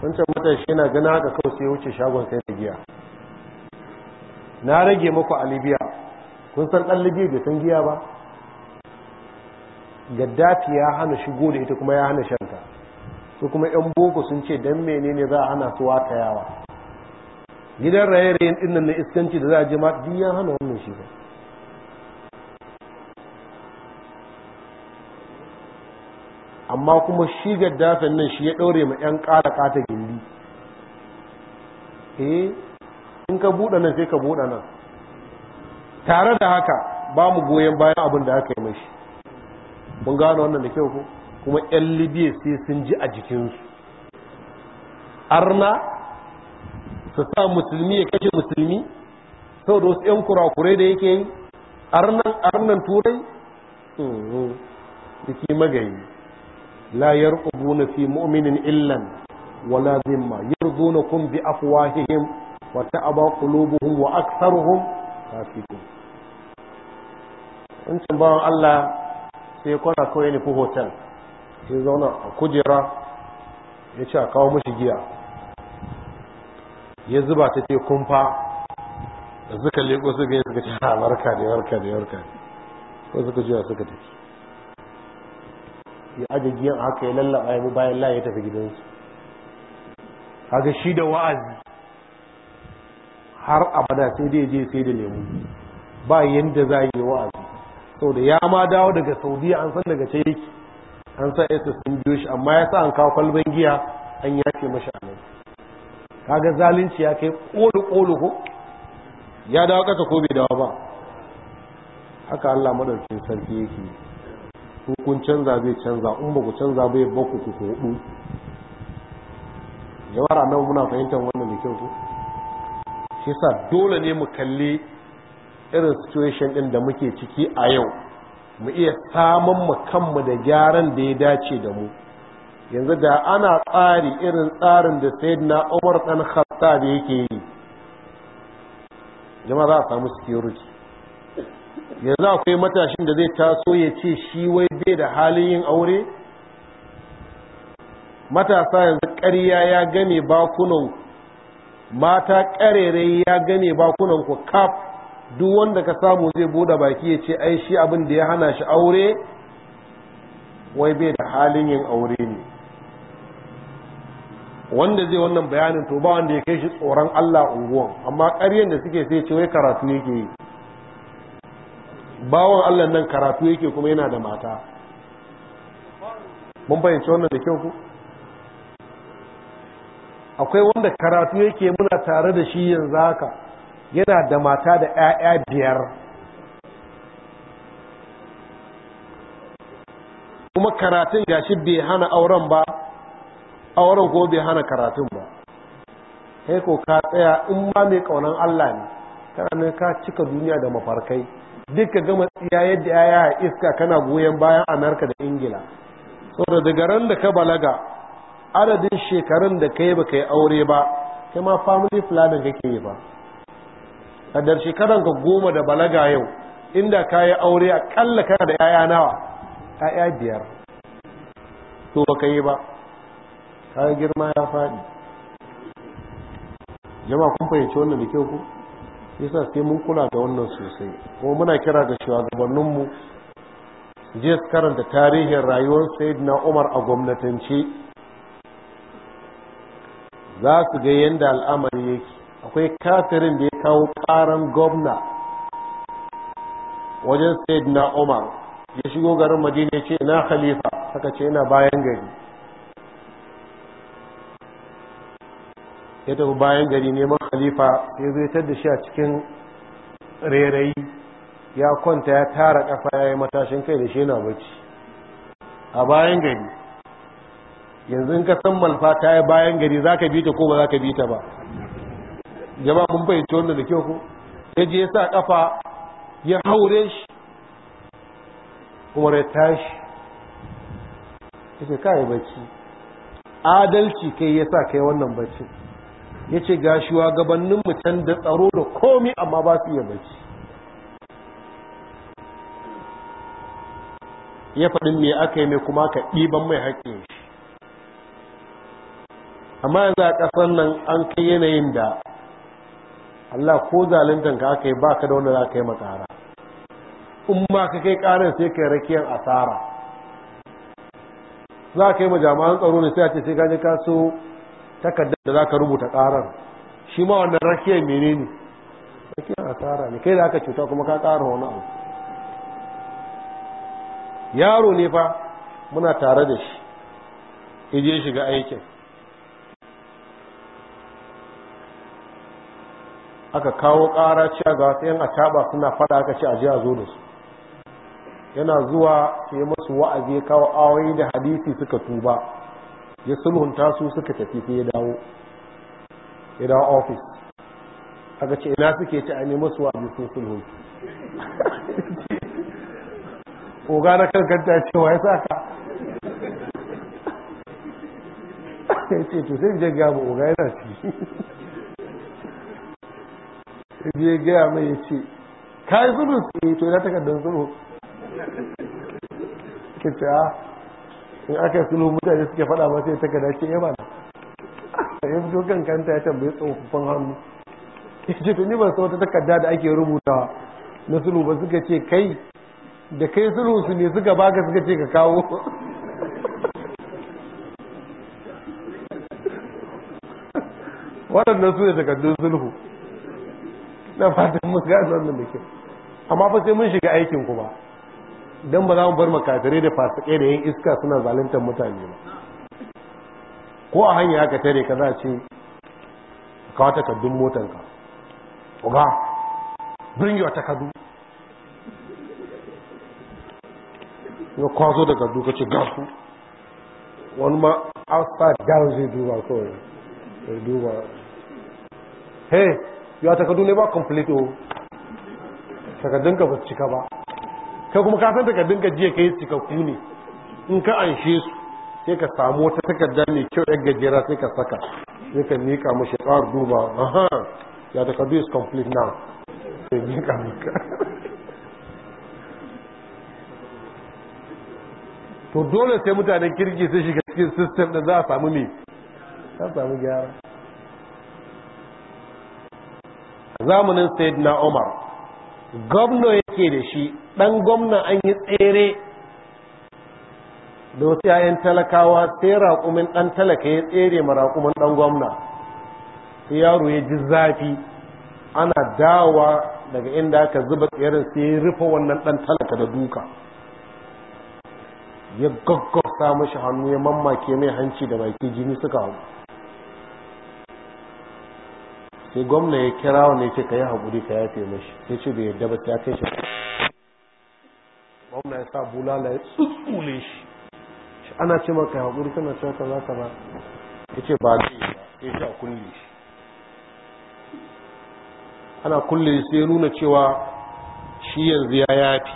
wancan matashi na gana haka kawai sai wuce shagon sai da giya na rage maku alibiya Sun san ɗan bai san giya ba gaddafi ya hana shigo da ita kuma ya hana shanta su kuma yan boko sun ce dan menene za a hana su watayawa gidan raye-rayen dinnan na iskanci da za a ji ma duk ya hana wannan shi ba. amma kuma shi gaddafin nan shi ya ɗaure ma 'yan ƙara ƙata gindi eh in ka buɗe nan sai ka buɗe nan tare da haka ba mu goyon bayan abin da aka yi mashi mun gano wannan da kyau kuma 'yan libya sai sun ji a jikinsu arna su sa musulmi ya kashe musulmi sau da wasu 'yan kurakurai da yake yi arnan arnan turai suke magayi la na fi mu'minin illan wala zimma kun bi afwahihim wa ta'aba qulubuhum wa aktharuhum fasiqun wancan bawan Allah sai kwana kawai ne ku hotel Sai zauna a kujera ya ce a kawo mashi giya ya zuba ta ce kumfa da suka leko suka yi suka ce a marka da yarka da barka ko suka juya suka tafi ya aje giyan haka ya lallaba ya bayan laye ya tafi gidansu haka shi da wa'azi har abada sai dai je sai da lemu ba yadda za yi wa'azi da ya ma dawo daga saudiya an san daga ce yake an san yasa sun biyo shi amma ya sa an kawo kwalban giya an yafe mashi a nan kaga zalunci ya kai kolu kolu ko ya dawo kasa ko bai dawo ba haka Allah madaukin sarki yake kun canza bai canza in ba ku canza bai baku ku hudu jawara nan muna fahimtar wannan da kyau ko shi sa dole ne mu kalli irin situation ɗin da muke ciki a yau mu iya samun mu kanmu da gyaran da ya dace da mu yanzu da ana tsari irin tsarin da sayyidina Umar dan Khattab yake yi jama'a za a samu security yanzu akwai matashin da zai taso ya ce shi wai bai da halin yin aure matasa yanzu ƙarya ya gane bakunan mata ƙarere ya gane bakunan ku kaf duk wanda ka samu zai bude baki ya ce ai shi abin da ya hana shi aure wai bai da halin yin aure ne wanda zai wannan bayanin to ba wanda ya kai shi tsoron Allah unguwan amma ƙaryen da suke sai ce wai karatu yake yi bawan Allah nan karatu yake kuma yana da mata mun fahimci wannan da kyau ku akwai wanda karatu yake muna tare da shi yanzu haka yana da mata da 'ya'ya biyar kuma karatun gashi bai hana auren ba auren ko bai hana karatun ba kai ko ka tsaya in ba mai kaunan Allah ne kana ka cika duniya da mafarkai duka gama tsiya yadda ya a iska kana goyon bayan Amerika da Ingila saboda daga ran da ka balaga adadin shekarun da ka yi kai baka yi aure ba kai ma family planning kake yi ba a shekaran ka goma da balaga yau inda ka yi aure kalla kana da 'ya'ya nawa 'ya'ya biyar to ba ka yi ba ka girma ya faɗi Jama kun fahimci wannan da kyau ku yasa sai mun kula da wannan sosai kuma muna kira ga shugabanninmu je su karanta tarihin rayuwar na umar a gwamnatance za su ga yadda al'amari yake akwai kafirin da ya kawo karan gwamna wajen said na umar ya shigo garin madina ya ce ina khalifa haka ce yana bayan gari ya tafi bayan gari neman khalifa ya zaitar da shi a cikin rairayi ya kwanta ya tara kafa ya yi matashin kai da shi yana bacci a bayan gari yanzu in ka san malfa ta yi bayan gari za ka bi ta ko ba za ka bi ta ba jama'a mun fahimci wannan da kyau ko ya je ya sa kafa ya haure shi kuma ya tashi ya ce kai bacci adalci kai ya sa kai wannan bacci ya ce ga gabanin mu can da tsaro da komi amma ba su iya bacci ya faɗin me aka yi mai kuma ka ɗiban mai haƙƙin shi amma yanzu a ƙasar nan an kai yanayin da Allah ko zaluntan ka aka yi ba ka da wanda za ka yi makara in ma ka kai karin sai ka yi rakiyar asara za ka yi majami'an tsaro ne sai a ce sai gani ka so takardar da za ka rubuta karar shi ma wannan rakiyar mene ne rakiyar asara ne kai da aka cuta kuma ka kara wani abu yaro ne fa muna tare da shi ya shiga aikin aka kawo ƙara cewa ga wasu 'yan ataba suna fada aka ce a ji zo da su yana zuwa sai masu wa'azi ya kawo awayi da hadisi suka tuba ya sulhunta su suka tafi sai ya dawo ya dawo ofis aka ce ina suke ci a ne masu wa'azi sun sulhun oga na kankanta cewa ya saka ya ce to sai je gaba oga yana ciki ya gaya mai ya ce ka yi sulhu ke eh, to ta takardar sulhu ka ce a ah, in aka sulhu mutane suke faɗa ma sai kada ke yaba da ya fito kan kanta ya tambayi tsofaffin hannu ya ce to ni ban san wata takarda da ake rubutawa na sulhu ba suka ce kai da kai sulhu su ne suka baka suka ce ka kawo waɗannan su ne takardun sulhu na fatan mun ga wannan da ke amma fa sai mun shiga aikin ku ba dan ba za mu bar makatare da fasike da yin iska suna zaluntar mutane ba ko a hanya ka tare ka za ce ka wata kaddun ka uga bring your takadu ya kwazo da kaddu ka ce gasu wani ma outside down zai duba kawai zai duba hey ya takardu ne ba complete o oh. takardunka ba su cika ba kai kuma kafin ka jiya ka yi cikakku ne in ka anshe su sai ka samu wata takarda mai kyau yan gajera sai ka saka sai ka nika mashi tsar duba aha ya kadu is complete now sai nika nika to dole sai mutanen kirki sai shiga cikin system da za a samu ne za a samu gyara zamanin sayyidina umar gwamna yake da shi ɗan gwamna an yi tsere da wasu yayan talakawa sai raƙumin ɗan talaka ya tsere ma raƙumin ɗan gwamna sai yaro ya ji zafi ana dawa daga inda aka zuba tseren sai ya rufe wannan ɗan talaka da duka ya gaggauta mashi hannu ya mammake mai hanci da baki jini suka hau sai gwamna ya kira wani ya ce ka yi haƙuri ka yafe mashi ya ce bai yadda ba ta kai shi gwamna ya sa bulala ya tsutsule shi shi ana ce yi haƙuri kana cewa ka za ka ba ya ce ba zai ba ya ce a kulle shi ana kulle shi sai nuna cewa shi yanzu ya yafi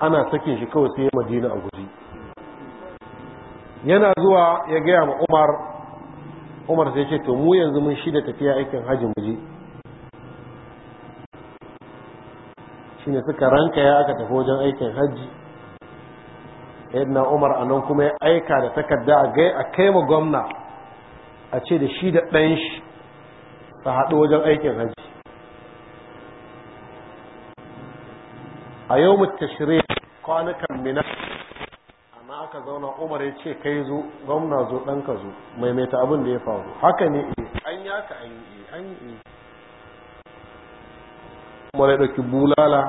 ana sakin shi kawai sai madina a guji yana zuwa ya gaya ma umar umar sai ce to mu yanzu mun shida tafiya aikin hajji mu je ne suka ranka ya aka tafi wajen aikin hajji yadda umar a nan kuma ya aika da takarda a gai a kai ma gwamna a ce da shi da ɗan shi ta haɗu wajen aikin hajji a yau mu tashirai kwanukan minar aka zauna umar ya ce kai zo gwamna zo ɗan ka zo maimaita abin da ya faru haka ne e an yi haka an yi eh, an yi eh. umar ya ɗauki bulala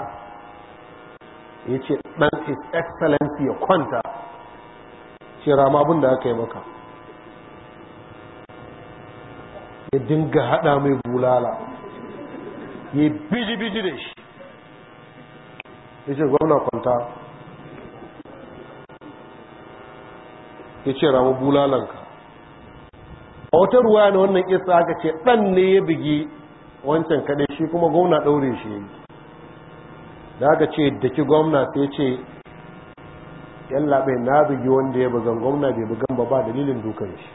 ya ce ɗan his excellency ya kwanta ce rama abin da aka yi maka ya dinga haɗa mai bulala ya biji-biji da shi ya ce gwamna kwanta ya ce rama bulalanka a wata ruwa na wannan isa aka ce ɗan ne ya bugi wancan kaɗai shi kuma gwamna ɗaure shi yi da aka ce da ki gwamna sai ce yan labai na bigi wanda ya bugan gwamna bai bugan ba ba dalilin dukan shi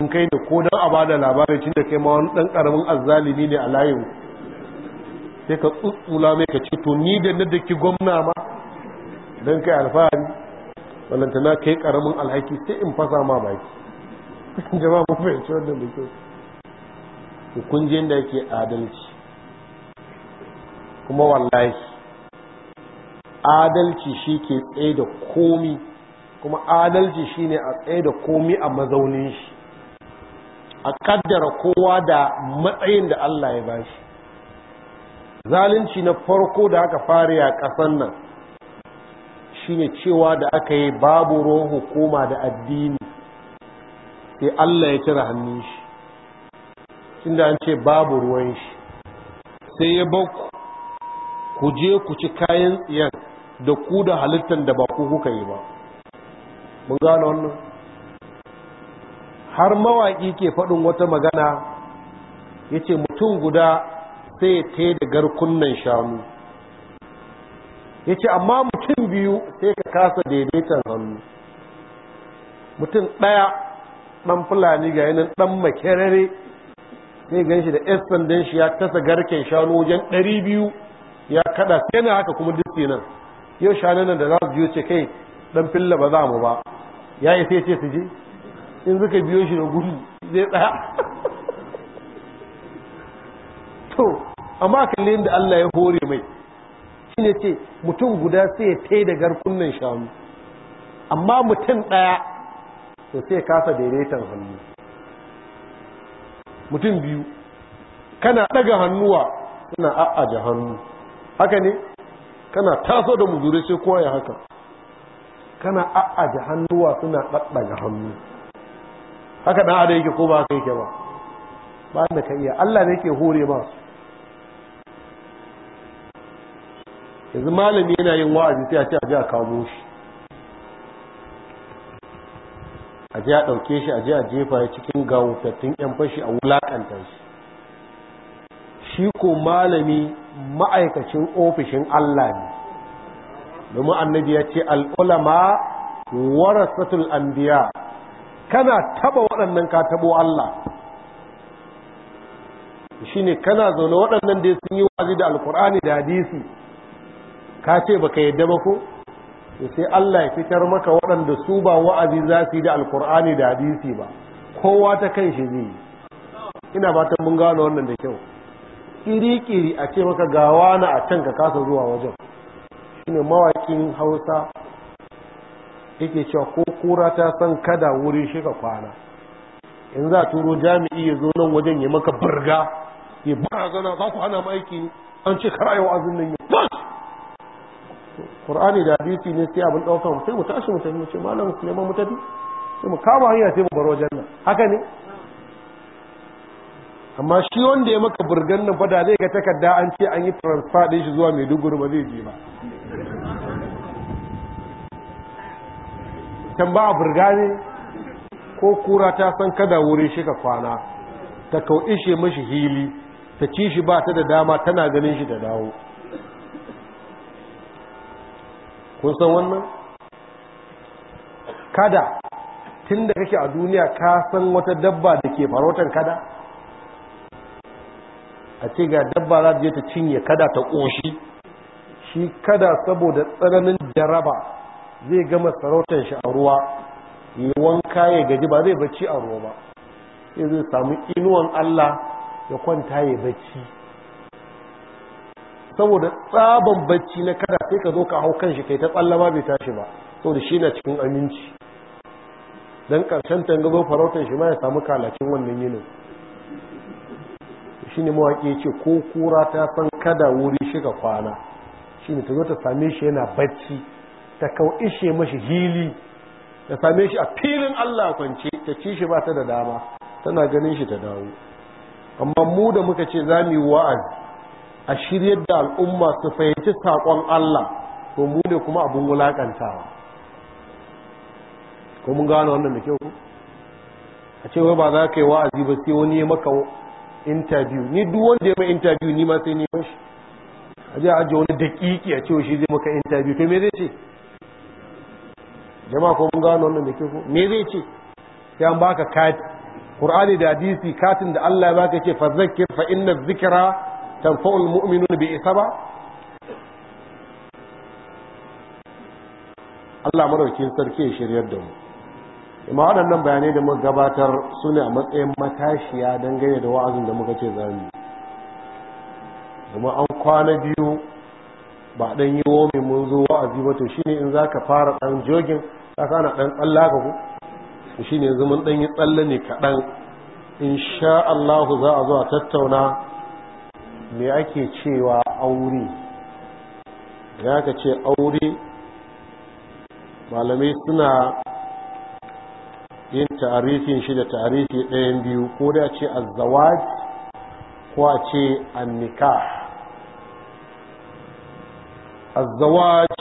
in kai da ko don a ba da labarin cin da kai ma wani ɗan ƙaramin azalini ne a layin sai ka tsutsula mai ka ce to ni da na da ki gwamna ma don kai alfahari tana kai karamin alhaki sai in fasa ma baki jama'a mu fahimci wannan da ke. kun je inda yake adalci kuma wallahi adalci shi ke tsaye da komi kuma adalci shi ne a tsaye da komi a mazaunin shi a kaddara kowa da matsayin da Allah ya bashi zalunci na farko da aka fara a ƙasan nan shine cewa da aka yi babu ruwan hukuma da addini sai Allah ya cire hannun shi inda an ce babu ruwan shi sai ya ba ku je ku ci kayan tsiyan da ku da halittar da ba ku kuka yi ba mun gano wannan har mawaƙi ke faɗin wata magana ya ce mutum guda sai ya da garkunan shanu ya ce amma mutum biyu sai ka kasa daidaitar hannu mutum ɗaya ɗan fulani ga yanin ɗan Makerere, sai gan shi da yan sandan shi ya tasa garken shanu wajen ɗari biyu ya kada yana haka kuma dutse nan yau shanu nan da za su biyo ce kai ɗan filla ba za mu ba ya yi sai ce su je in suka biyo shi da gudu zai tsaya to amma kalli da Allah ya hore mai shine ce mutum guda sai ya tai da garkunan shanu amma mutum ɗaya to sai ya kasa daidaitan hannu mutum biyu kana ɗaga hannuwa suna a'aje hannu haka ne kana taso da muzuri sai kowa ya haka kana a'aje hannuwa suna ɗaɗɗaga hannu haka na ada yake ko ba haka yake ba ba da ka iya Allah ne ke hore ba yanzu malami yana yin wa'azi sai a ce a ji a kawo shi a ji a ɗauke shi a ji a jefa ya cikin gawutattun 'yan fashi a wulaƙanta shi shi ko malami ma'aikacin ofishin Allah ne domin annabi ya ce al'ulama warasatul anbiya kana taba waɗannan ka tabo Allah shine kana zaune waɗannan da sun yi wazi da alkur'ani da hadisi ka ce baka yadda ba ko sai Allah ya fitar maka waɗanda su ba wa'azi za su yi da alkur'ani da hadisi ba kowa ta kan shi zai ina fatan mun gano wannan da kyau kiri-kiri a ce maka gawa na a can ka kasa zuwa wajen shine mawakin hausa yake cewa ko kura ta san kada wuri shi ka kwana in za turo jami'i ya zo nan wajen ya maka birga ya zana za ku hana maiki aiki an ce kar a yi wa'azin nan ya qur'ani da hadisi ne sai abin daukan sai mu tashi mu tafi mu ce malam Suleiman mu tafi sai mu kama hanya sai mu bar wajen nan haka ne amma shi wanda ya maka burgan nan fada zai ga takarda an ce an yi transfer din shi zuwa Maiduguri ba zai je ba can ba a burga ne ko kura ta san kada wuri shi ka kwana ta kau ishe mashi hili ta ci shi ba ta da dama tana ganin shi da dawo kun san wannan kada tun da kake a duniya ka san wata dabba da ke farautan kada a ce ga dabba za ta je ta cinye kada ta ƙoshi shi kada saboda tsananin jaraba zai gama sarautar shi a ruwa yawan wanka ya gaji ba zai bacci a ruwa ba sai zai samu inuwan Allah ya kwanta ya bacci saboda tsaban bacci na kada sai ka zo ka hau kan shi kai ta tsallama bai tashi ba saboda shi na cikin aminci don karshen tangazo farautar shi ma ya samu kalacin wannan yinin shi ne mawaƙi ya ce ko kura ta san kada wuri shiga kwana shi ne ta zo ta same shi yana bacci ta kau ishe mashi hili ta same shi a filin allah kwance ta ci shi ba ta da dama tana ganin shi ta dawo amma mu da muka ce za mu yi wa'azi a shiryar da al'umma su fahimci saƙon Allah to mu ne kuma abin wulaƙantawa ko mun gano wannan da kyau ku a ce wai ba za ka yi wa'azi ba sai wani ya maka interview ni duk wanda ya mai interview ni ma sai ni shi a je a wani daƙiƙi a ce shi zai maka interview to me zai ce jama'a ko mun gano wannan da kyau ku me zai ce sai an baka kati Qur'ani da hadisi katin da Allah ya baka ce fa zakkir fa inna dhikra tanfa'ul mu'minuna bai isa ba Allah madaukin sarki ya shiryar da mu amma waɗannan bayanai da muka gabatar su ne a matsayin matashiya dangane da wa'azin da muka ce za mu domin an kwana biyu ba ɗan yi womi mun zo wa'azi ba to shine in za ka fara ɗan jogin za ka ana ɗan tsallaka ka ku to yanzu mun ɗan yi tsalle ne kaɗan in Allahu za a zo a tattauna me ake cewa aure ya ka ce aure malamai suna yin tarifin shi da tarifi ɗayan biyu ko da ce azawaj ko a ce annika azawaj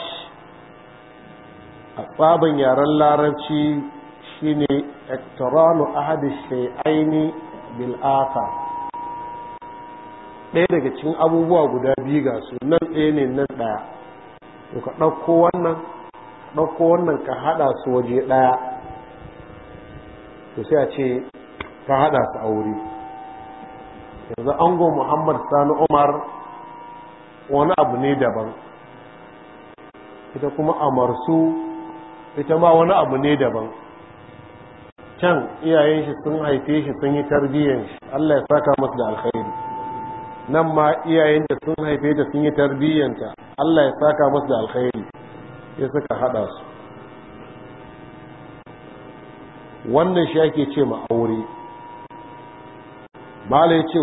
a tsaban yaren larabci shine ektoranu ahadi shai'aini bil'akar ɗaya daga cikin abubuwa guda biyu ga su nan ɗaya ne nan ɗaya to ka ɗauko wannan ɗauko wannan ka haɗa su waje ɗaya to sai a ce ka haɗa su a wuri yanzu ango muhammad sani umar wani abu ne daban ita kuma amarsu ita ma wani abu ne daban can iyayen shi sun haife shi sun yi tarbiyyar shi allah ya saka masu da alkhairi nan ma iyayen da sun haife da sun yi tarbiyyanta Allah ya saka musu da alkhairi ya suka hada su wannan shi ake ce ma aure mala ya ce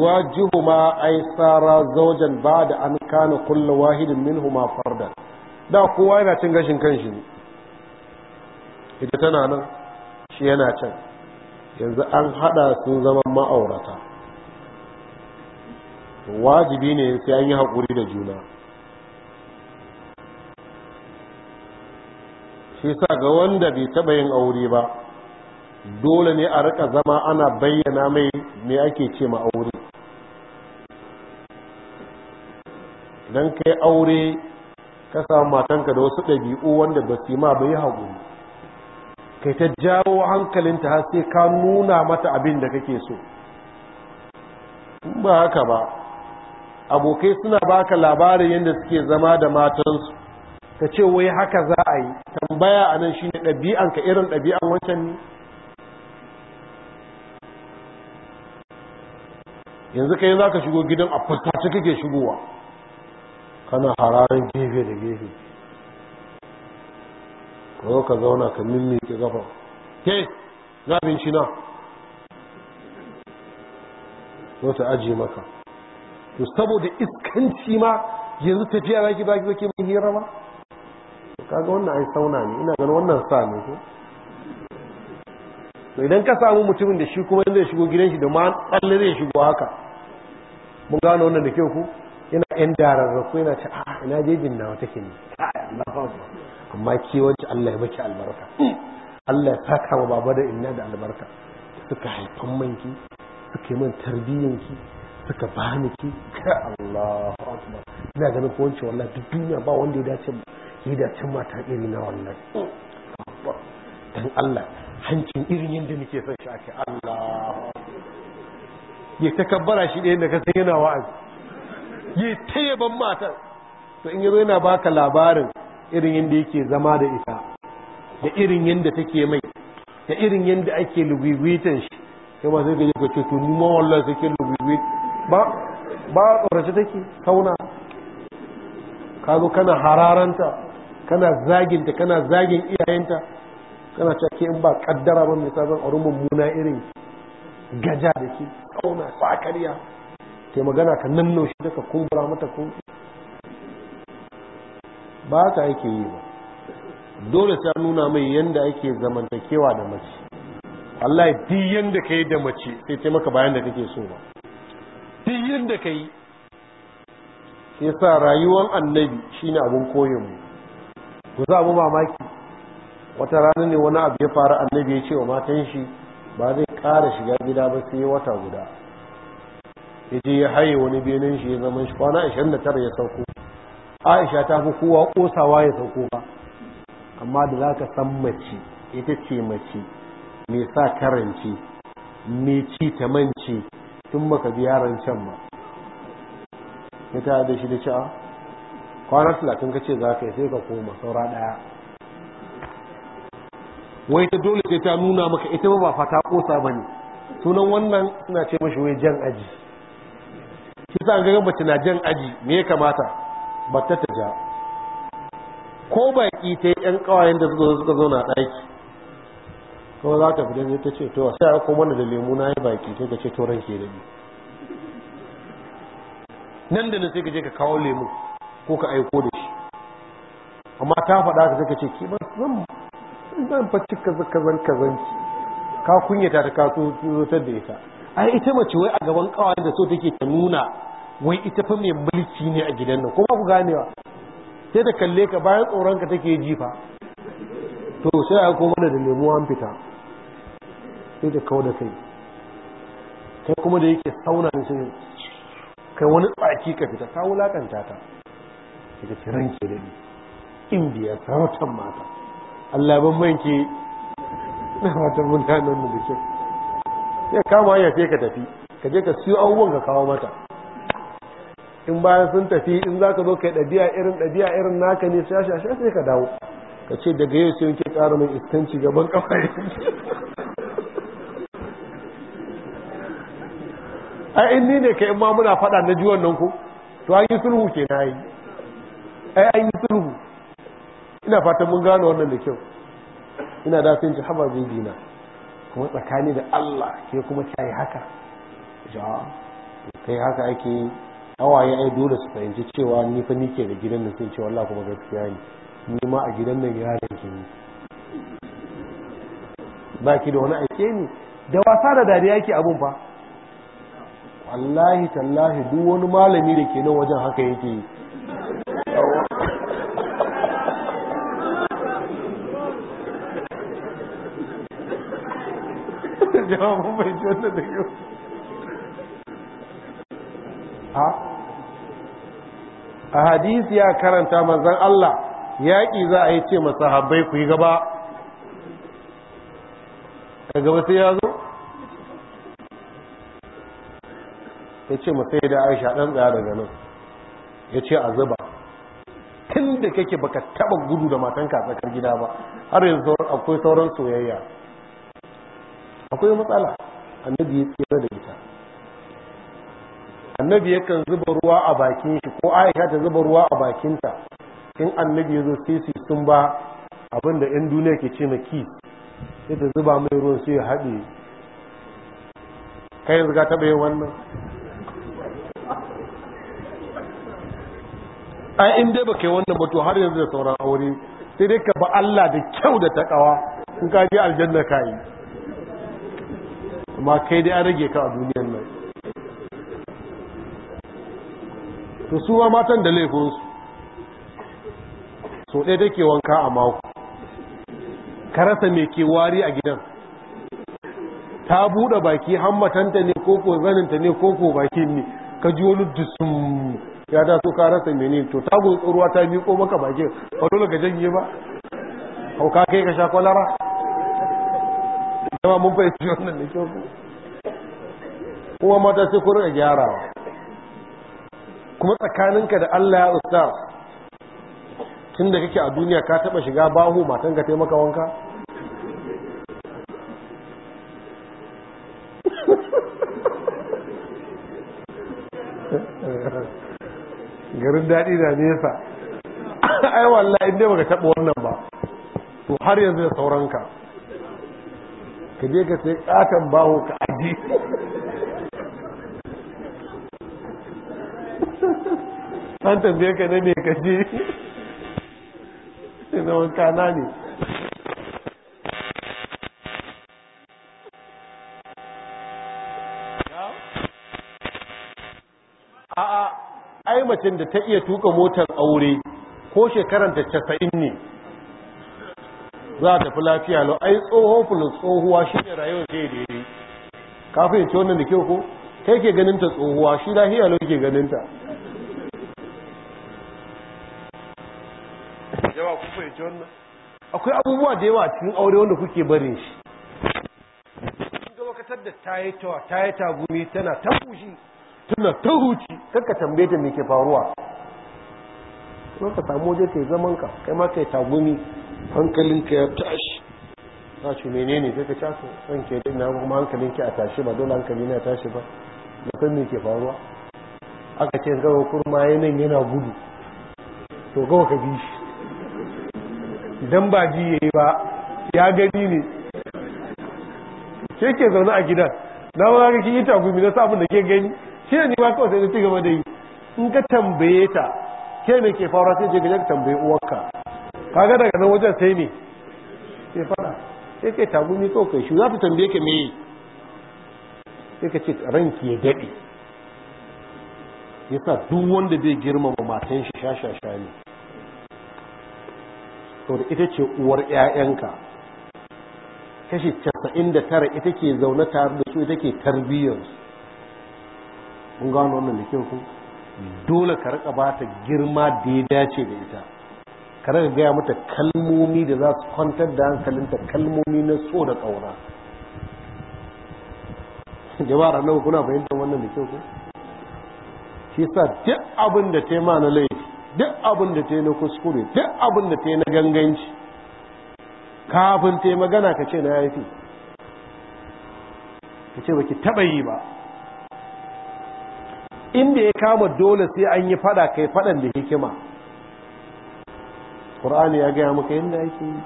wajibu ma ai tsara zaujan ba da an kana kulla wahidin min huma farda da kowa yana cin gashin kanshi ne ita tana nan shi yana can yanzu an hada sun zama ma'aurata wajibi ne sai an yi haƙuri da juna shi sa ga wanda bai taɓa yin aure ba dole ne a rika zama ana bayyana mai me ake ce ma aure don kai aure ka samu matanka da wasu ɗabi'u wanda ba su ma bai haƙuri kai ta jawo hankalinta har sai ka nuna mata abin da kake so ba haka ba abokai suna baka labarin yadda suke zama da matansu ka ce wai haka za a yi tambaya a nan shine ɗabi'an ka irin ɗabi'an wancan ne yanzu kai za ka shigo gidan a fuskaci kake shigowa kana hararin gefe da gefe zo ka zauna ka ke gafa ke na shi na wata aji maka to saboda iskanci ma yanzu tafiya baki baki baki mun hira ba kaga wannan ai sauna ne ina ganin wannan sa ne ko to idan ka samu mutumin da shi kuma zai shigo gidan shi da ma tsalle zai shigo haka mun gano wannan da kyau ku ina yan dararra ko ina ta a ah, ina jejin nawa take ne amma ke wacce Allah ya baki albarka Allah ya saka wa baba da inna da albarka suka haifan manki suka yi man tarbiyyanki suka ba ni ki ka Allah ina ganin ko wance wallahi duk duniya ba wanda ya dace ya dace mata iri na wannan. dan Allah hancin irin yadda muke son shi ake Allah ya takabbara shi da yadda ka san yana wa'azi ya ta ban matan to in yazo yana baka labarin irin yadda yake zama da ita da irin yadda take mai da irin yadda ake lubibitan shi kai ma sai ka je ka ce to mu ma wallahi sai ke lubibitan ba ba tsoraci take kauna, ka zo kana hararanta kana zaginta kana zagin iyayenta kana cake in ba kaddara ba mai a rumun muna irin gaja da ke tsauna sakariya ke magana ka nan naushi daga kumbura mata ko ba ka ake yi ba dole ta nuna mai yanda ake zamantakewa da mace Allah ya duk yanda ka yi da mace sai ce maka bayan da kake so ba duk yadda ka yi Ya sa rayuwar annabi shi ne abin koyinmu ku za mu mamaki wata rana ne wani abu ya fara annabi ya ce wa matan shi ba zai kara shiga gida ba sai ya wata guda ya je ya haye wani benin shi ya zama shi kwana tara ya sauko aisha ta fi kowa kosawa ya sauko ba amma da za ka san mace ita ce mace mai sa karanci mai ci ta mance tun baka yaron can ba ya ta da shi da ci'a kwanar talatin ka ce za ka yi sai ka koma saura daya wai ta dole sai ta nuna maka ita ba ta kosa ba ne sunan wannan suna ce mashi wai jan aji shi sa ga mace na jan aji me ya kamata ba ta ta ja ko baki ta yan ƙawayen da suka zo na daki. kuma za ta fita zai ta ce to sai a kuma da lemu na yi baki sai ka ce to ranke da ni nan da nan sai ka je ka kawo lemu ko ka aiko da shi amma ta faɗa ka sai ka ce ki ba zan zan fa kazan kazan ka kunyata ta kaso zotar da ita ai ita mace wai a gaban kawai da so take ta nuna wai ita fa mai mulki ne a gidan nan kuma ku ganewa sai ta kalle ka bayan tsoron ka take jifa to sai a koma da lemu an fita sai da kawo da kai kai kuma da yake sauna da sai kai wani tsaki ka fita ka wulakanta ta daga ciran ke da indiya sarautar mata allah ban manke na mata mutanen mu da kyau sai kama ya fi ka tafi ka je ka siyo abubuwan ka kawo mata in bayan sun tafi in za ka zo kai ɗabi'a irin ɗabi'a irin naka ne sai sai ka dawo ka ce daga yau sai yake ƙara mai iskanci gaban kafa ai in ni ne ka in ma muna faɗa na ji wannan ko to an yi sulhu ke na yi ai an yi sulhu ina fatan mun gano wannan da kyau ina da sun ci haba zai dina kuma tsakani da Allah ke kuma yi haka ja kai haka ake hawaye ai dole su fahimci cewa ni fa nike da gidan da sun ce wallah kuma gaskiya ne ni ma a gidan nan yaran ki yi. ba ki da wani aike ni da wasa da dariya yake abun fa wallahi tallahi duk wani malami da ke nan wajen haka yake yi a hadisi ya karanta manzan Allah yaƙi za a yi ce masahabbai ku yi gaba a gaba sai ya zo ya ce yi da aisha ɗan tsaya daga nan ya ce a zuba tun da kake baka taɓa gudu da matanka a tsakar gida ba har yanzu akwai sauran soyayya akwai matsala annabi ya tsira da ita annabi yakan zuba ruwa a bakin shi ko aisha ta zuba ruwa a bakinta in annabi ya zo sai sun ba abinda 'yan duniya ke ce na ki sai zuba mai ruwan sai ya haɗe kai yanzu ga taɓa yin wannan ai in dai baka wannan ba har yanzu da sauran aure sai dai ka ba Allah da kyau da takawa in ka je aljanna ka yi amma kai dai an rage ka a duniyar nan to su ma matan da laifinsu so ɗaya take wanka a mako ka rasa mai ke wari a gidan ta buɗe baki hammatanta ne ko ko zaninta ne ko ko bakin ne ka ji wani dusum ya ta so ka rasa ne to ta ruwa ta miƙo maka baki ba dole ka janye ba hauka kai ka sha kwalara zama mun fahimci wannan da kyau kuma mata sai ku a gyarawa kuma tsakaninka da Allah ya ustaz tun da kake a duniya ka taba shiga bahu matan ka taimaka wanka garin daɗi da nesa ai walla inda baka taba wannan ba to har yanzu da sauranka ka je ka sai katon bahu ka aji an tambaye ka ne ka je sai na wanka na ne a'a ai macen da ta iya tuka motar aure ko shekarar da casa'in ne za ta fi lafiya lau ai tsoho fulun tsohuwa shi ne rayuwa zai daidai kafin ce wannan da kyau ko kai ke ganinta tsohuwa shi lahiya lau ke ganinta wannan akwai abubuwa da yawa cikin aure wanda kuke barin shi kun ga wakatar da ta yi tawa ta yi tagumi tana ta fushi tana ta huci kanka tambaye ta me ke faruwa kuma ka samu waje yi zaman ka kai ma ka yi tagumi hankalinka ya tashi ta ce menene sai ka casu son ke din na kuma hankalinki a tashi ba dole hankali na tashi ba da san me ke faruwa aka ce gawa kurma yanan yana gudu to gawa ka bi shi Idan ba ji yi ba ya gani ne ke ke zaune a gidan na wani ga kin yi tagumi na samun da ke gani shi ne ba kawai sai da ci gaba da yi in ka tambaye ta ke ne ke fara sai je ka tambaye uwarka kaga daga nan wajen sai ne Ke fara sai kai tagumi kawai kai shi za ta tambaye ka me yi sai ka ce ranki ya daɗe duk wanda bai girmama matan shi shashasha ne saboda ita ce uwar 'ya'yanka kashi casa'in da tara ita ke zaune tare da su ita ke tarbiyyarsu mun gano wannan da kyau ku dole ka raka ba ta girma da ya dace da ita ka raka gaya mata kalmomi da za su kwantar da hankalinta kalmomi na so da ƙaura jama'ar nawa kuna fahimtar wannan da kyau ku shi sa duk abin da ta yi na laifi duk abin da ta yi na kuskure duk abin da ta yi na ganganci kafin ta yi magana ka ce na fi. ka ce baki taba yi ba inda ya kama dole sai an yi fada kai fadan da hikima ƙur'ani ya gaya maka yadda yake yi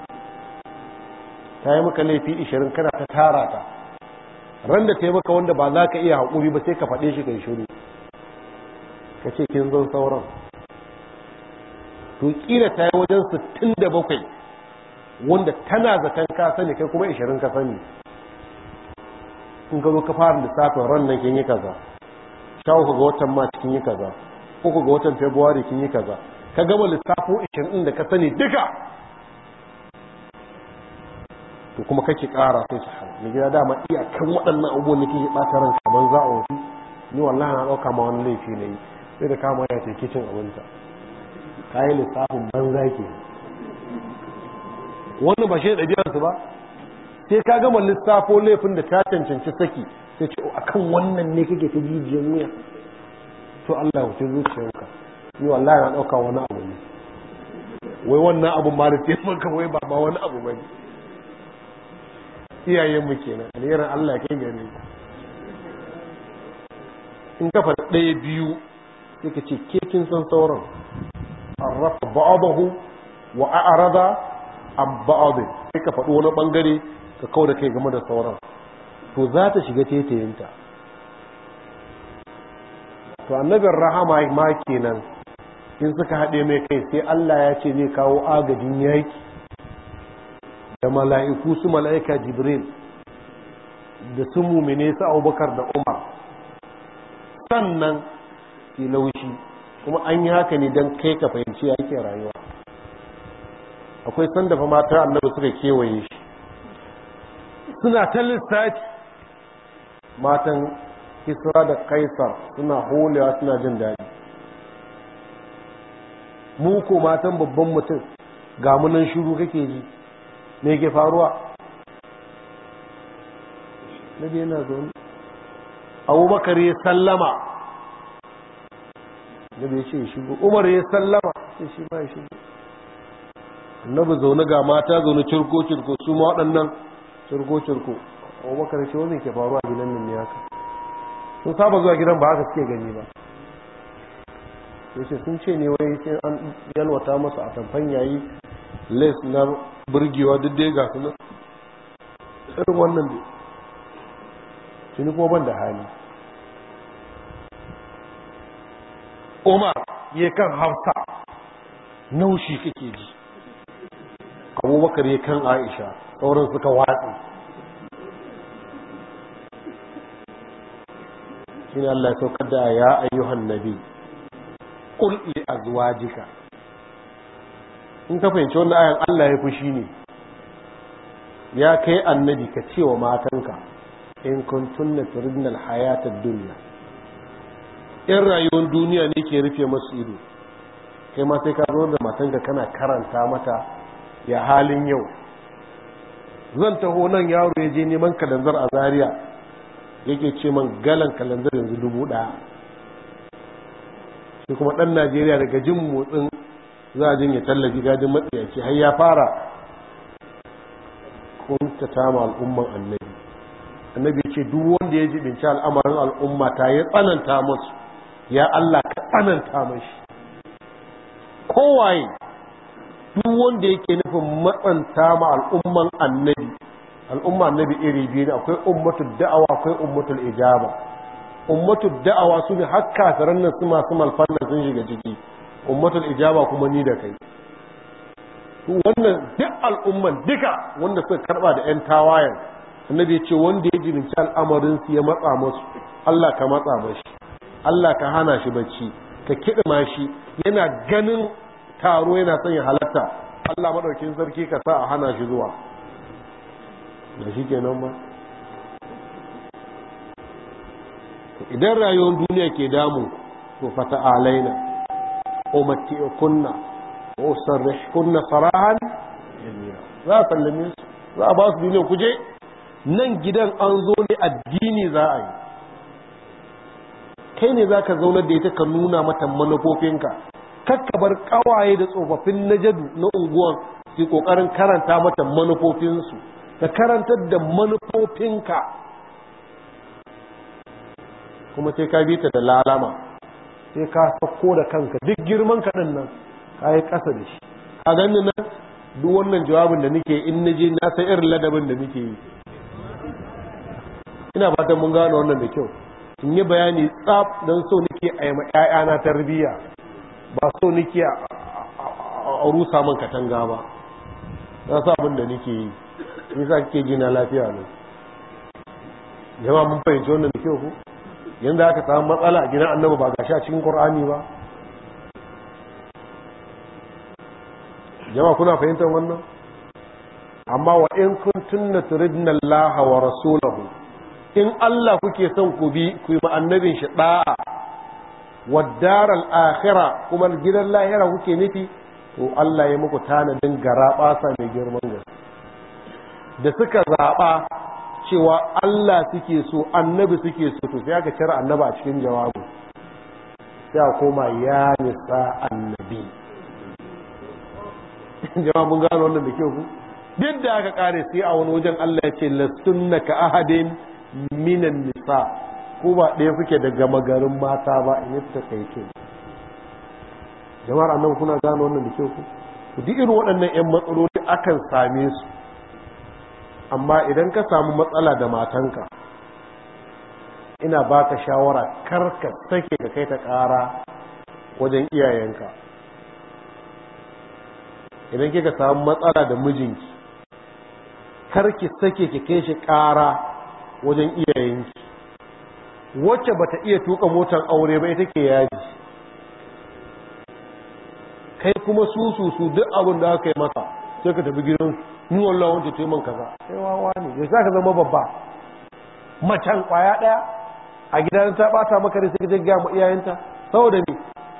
ta yi maka laifi ishirin kana ta tara ta ran da ta yi maka wanda ba za ka iya haƙuri ba sai ka faɗe shi kai shiru ka ce kin zan sauran to kila ta yi wajen 67 wanda tana zaton ka sani kai kuma 20 ka sani in ka zo ka fara lissafin ran nan kin yi kaza sha uku ga watan mati kin yi kaza uku ga watan february kin yi kaza ka gama lissafin 20 da ka sani duka to kuma kake kara sai ki hana mai gida dama iyakan waɗannan abubuwan da kike ɓata ran kaman za a wasu ni wallahi na ɗauka ma wani laifi na yi sai da kama ya ce kicin abinta yi lissafin banza ke wani ba shi ɗabi'arsu ba sai ka gama lissafo laifin da ta cancanci saki sai ce a kan wannan ne kake ta jijiyar wuya to Allah wuce zuciyarka ni wallahi na ɗauka wani abu ne wai wannan abu ma da taimakon ka wai ba ma wani abu ba ne iyayen mu kenan alherin Allah kai gare in kafa ɗaya biyu sai ka ce ke kin san sauran arrafa ba'dahu wa a'rada an ba'd sai ka faɗo wani bangare ka kawo da kai game da sauran to za ta shiga tetayinta to annabin rahama ma kenan in suka haɗe mai kai sai Allah ya ce zai kawo agadin yaki da mala'iku su mala'ika jibril da su mumine su abubakar da umar sannan ilaushi kuma an yi haka ne don kai ka fahimci ke rayuwa akwai sanda fa mata annabi suka kewaye shi suna ta lissafi matan kisra da kaisar suna holewa suna jin daɗi mu ko matan babban mutum ga munan shuru kake ji me ke faruwa na je na zo abubakar ya sallama ya ce ya shigo umar ya sallama sai shi ba ya shigo annabi zaune ga mata zaune cirko cirko su ma waɗannan cirko cirko bakar ce wani ke faruwa gidan nan ne haka sun saba zuwa gidan ba haka suke gani ba Yaushe sun ce ne wai sai an yalwata masa a tamfan yayi les na burgewa duk dai ga su irin wannan tuni kuma ban da hali umar ya kan hafsa naushi kake ji abubakar ya kan aisha sauran suka watsi ne Allah ya saukar da ya ayyuhan nabi a zuwa jika. in ka fahimci wannan ayan Allah ya fushi ne ya kai annabi ka ce wa matanka in na turin na hayatar duniya. yan rayuwar duniya ne ke rufe masu ido kai ma sai ka zo da matanka kana karanta mata ya halin yau zan taho nan yaro ya je neman kalanzar a zariya yake ce man galan kalanzar yanzu dubu ɗaya shi kuma ɗan najeriya daga jin motsin za a jin ya tallafi gajin matsiyaci har ya fara ta ma al'umman annabi annabi ce duk wanda ya jibinci al'amarin al'umma ta ya tsananta musu ya Allah ka tsananta mashi kowaye duk wanda yake nufin matsanta ma al'umman annabi al'umma annabi iri biyu ne akwai ummatul da'awa akwai ummatul ijaba ummatul da'awa su ne har kafiran nan su masu malfanna sun shiga ciki ummatul ijaba kuma ni da kai wannan duk al'umman duka wanda suka karba da 'yan tawayen annabi ya ce wanda ya jibinci al'amarin su ya matsa masu Allah ka matsa mashi Allah ka hana shi bacci ka kiɗa ma shi yana ganin taro yana son ya halatta Allah maɗaukin sarki ka sa a hana shi zuwa da shi kenan ba idan rayuwar duniya ke damu to fata alaina mati kunna ko sarrashi kunna sarahan za a sallame su za a ba su duniya kuje nan gidan an zo ne addini za a yi kai ne za ka zaunar da ita ka nuna mata manufofinka kakka bar kawaye da tsofaffin najadu na unguwar su kokarin karanta mata manufofinsu ka karantar da manufofinka kuma sai ka bi ta da lalama sai ka sako da kanka duk girman kaɗan nan ka yi ƙasa da shi a ganin nan duk wannan jawabin da nake in na je na san irin ladabin da nake yi ina fatan mun gano wannan da kyau in yi bayani tsab don so nake a yi ‘ya'yana tarbiyya ba so nake a rusa man katanga ba na sa da nake yi nisa kake na lafiya ne yawa mun fahimci wannan da kyau ku yanzu aka samu matsala a gina annaba ba gashi a cikin ƙorani ba yawa kuna fahimtar wannan amma wa in kuntunna na Allah wa rasulahu in Allah kuke son ku bi ku yi annabin shi ɗa'a waddar akhirah kuma gidan lahira kuke nufi to Allah ya muku tanadin garaba sa mai girman gaske da suka zaba cewa Allah suke so annabi suke so to sai aka cire annabi a cikin jawabu sai a koma ya nisa annabi jawabun gano wannan da kyau ku duk da aka kare sai a wani wajen Allah ya ce lasunnaka ahadin minan nisa ko ba ɗaya kuke gama magarin mata ba in yi ta kaito jama'ar annan kuna gano wannan da ku ku di irin waɗannan 'yan matsaloli akan same su amma idan ka samu matsala da matanka ina ba ka shawara karka sake ka kai ta ƙara wajen iyayenka idan kika samu matsala da mijinki karki sake ki kai shi ƙara wajen iyayenki wacce bata iya tuka motar aure ba ita ke yaji kai kuma su su su duk abin da aka yi maka sai ka tafi gidan ni wallahi wanda ta kaza sai wawa ne yanzu ka zama babba macen kwaya daya a gidan ta bata maka ne sai ka ga mu iyayenta saboda me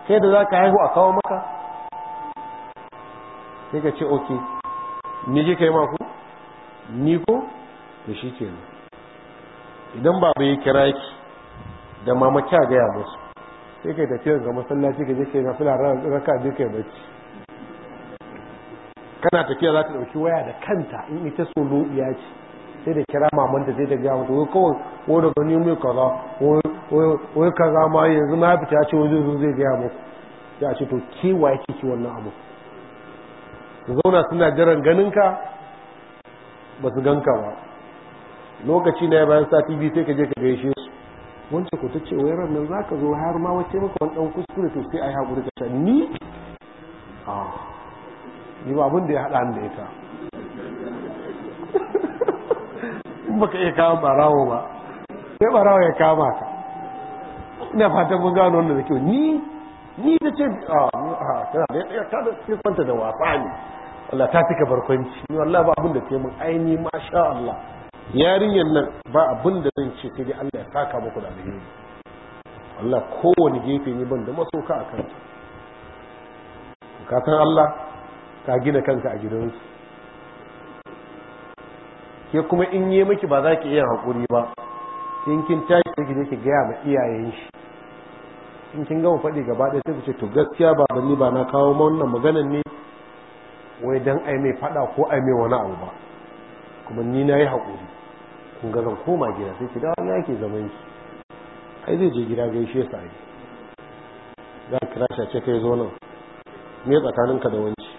kai da zaka haihu a kawo maka sai ka ce okay ni je kai ma ku ni ko da shi kenan idan babu ya kira ki da mama kya gaya musu sai kai tafiya ga masallaci ga je na fila raka biyu kai bacci kana tafiya za ta ɗauki waya da kanta in ita so lo'iya ce sai da kira mamanta sai ta gaya musu, wai kawai ko da ni mai kaza wai kaza ma yanzu ma fita ce wani zuwa zai gaya musu ya ce to ya kiki wannan abu zauna suna jiran ganinka ba su ganka ba lokaci na bayan sati biyu sai ka je ka gaishe su wancan ku ta ce wai ran nan zaka zo har ma wace maka wani dan kuskure to sai ai hakuri ka ce ni a ni ba abin da ya hada da ita in baka iya kama barawo ba sai barawo ya kama ka ina fatan mun gano wannan da kyau ni ni da ce a tana da ya ta da kwanta da wasa ne Allah ta tika barkwanci ni wallahi ba abin da ta yi mun aini masha Allah yarinyar nan ba abin da zan ce sai dai Allah ya saka muku da alheri Allah kowane gefe ne ban da masoka a kanta ka san Allah ka gina kanka a gidansu ke kuma in yi miki ba za ki iya haƙuri ba in kin tashi ki je ki gaya ma iyayen shi in kin gama faɗi gaba ɗaya sai ku ce to gaskiya ba ni ba na kawo ma wannan maganan ne wai dan ai mai faɗa ko ai mai wani abu ba kuma ni na yi haƙuri kun ga zan koma gida sai ki da wani yake zaman ki ai zai je gida gaishe sa ai za ka kira shi a ce kai zo nan me tsakaninka da wanci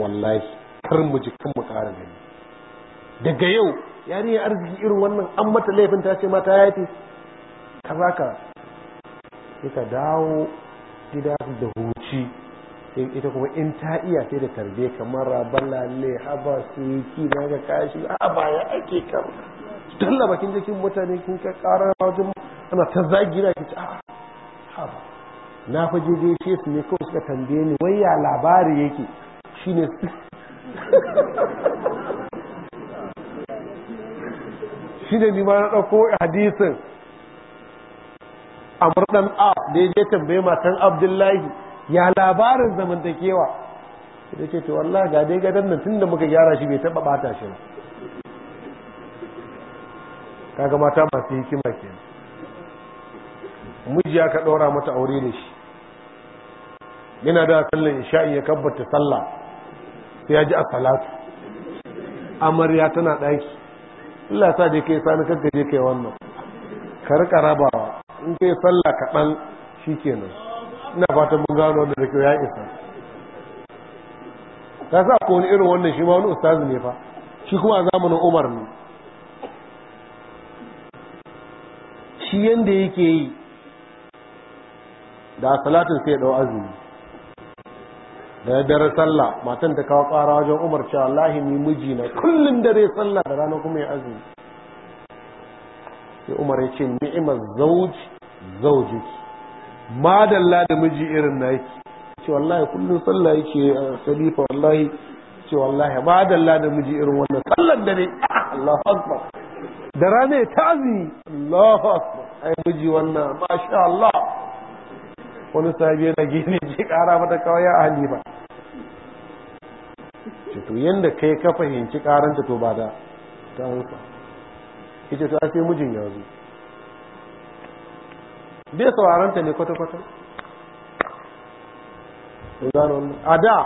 wallahi kar mu ji kan mu ƙara gani daga yau ya yarinyar arziki irin wannan an mata laifin ta ce mata ya kaza ka sai ka dawo gida da huci sai ita kuma in ta iya sai da tarbe kamar rabala ne haba su yi ki na ga kashi a baya ake kama dalla bakin jikin mutane kin ka ƙara wajen ana ta zagi na kici a ah, na fa je shi su ne kawai suka tambaye ni wai ya labari yake shine shine ni ma na ɗauko hadisin amur dan af da ya je tambaye matan abdullahi ya labarin zamantakewa da ce to wallahi ga dai gadon nan da muka gyara shi bai taba bata shi ba kaga mata masu hikima ke mijiya ka ɗora mata aure da shi yana da sallar isha'i ya kabbata sallah sai ya ji a salatu amarya tana ɗaki Allah sa je kai sani kanka je kai wannan ka rabawa in kai sallah kaɗan shi kenan. ina fatan mun gano wanda da kyau ya isa Ta sa ko wani irin wannan shi ma wani ustazi ne fa shi kuma a zamanin Umar ne shi yadda yake yi da salatin sai ɗau azumi da dare sallah matan ta kawo ƙara wajen umar cewa wallahi ni miji na kullum dare sallah da rana kuma ya azumi sai umar ya ce ni'imar zauj zauji madalla da miji irin na yake ce wallahi kullum sallah yake salifa eh, wallahi ce wallahi madalla da miji irin wannan sallar dare ah, Allahu akbar da rana ta azumi Allahu ai miji wannan masha Allah wani sahabi yana gini ji kara mata kawai ya ahli ba to yanda kai ka fahimci karanta to ba da ta ansa ita to sai mijin ya zo bai sauraranta ne kwata-kwata a da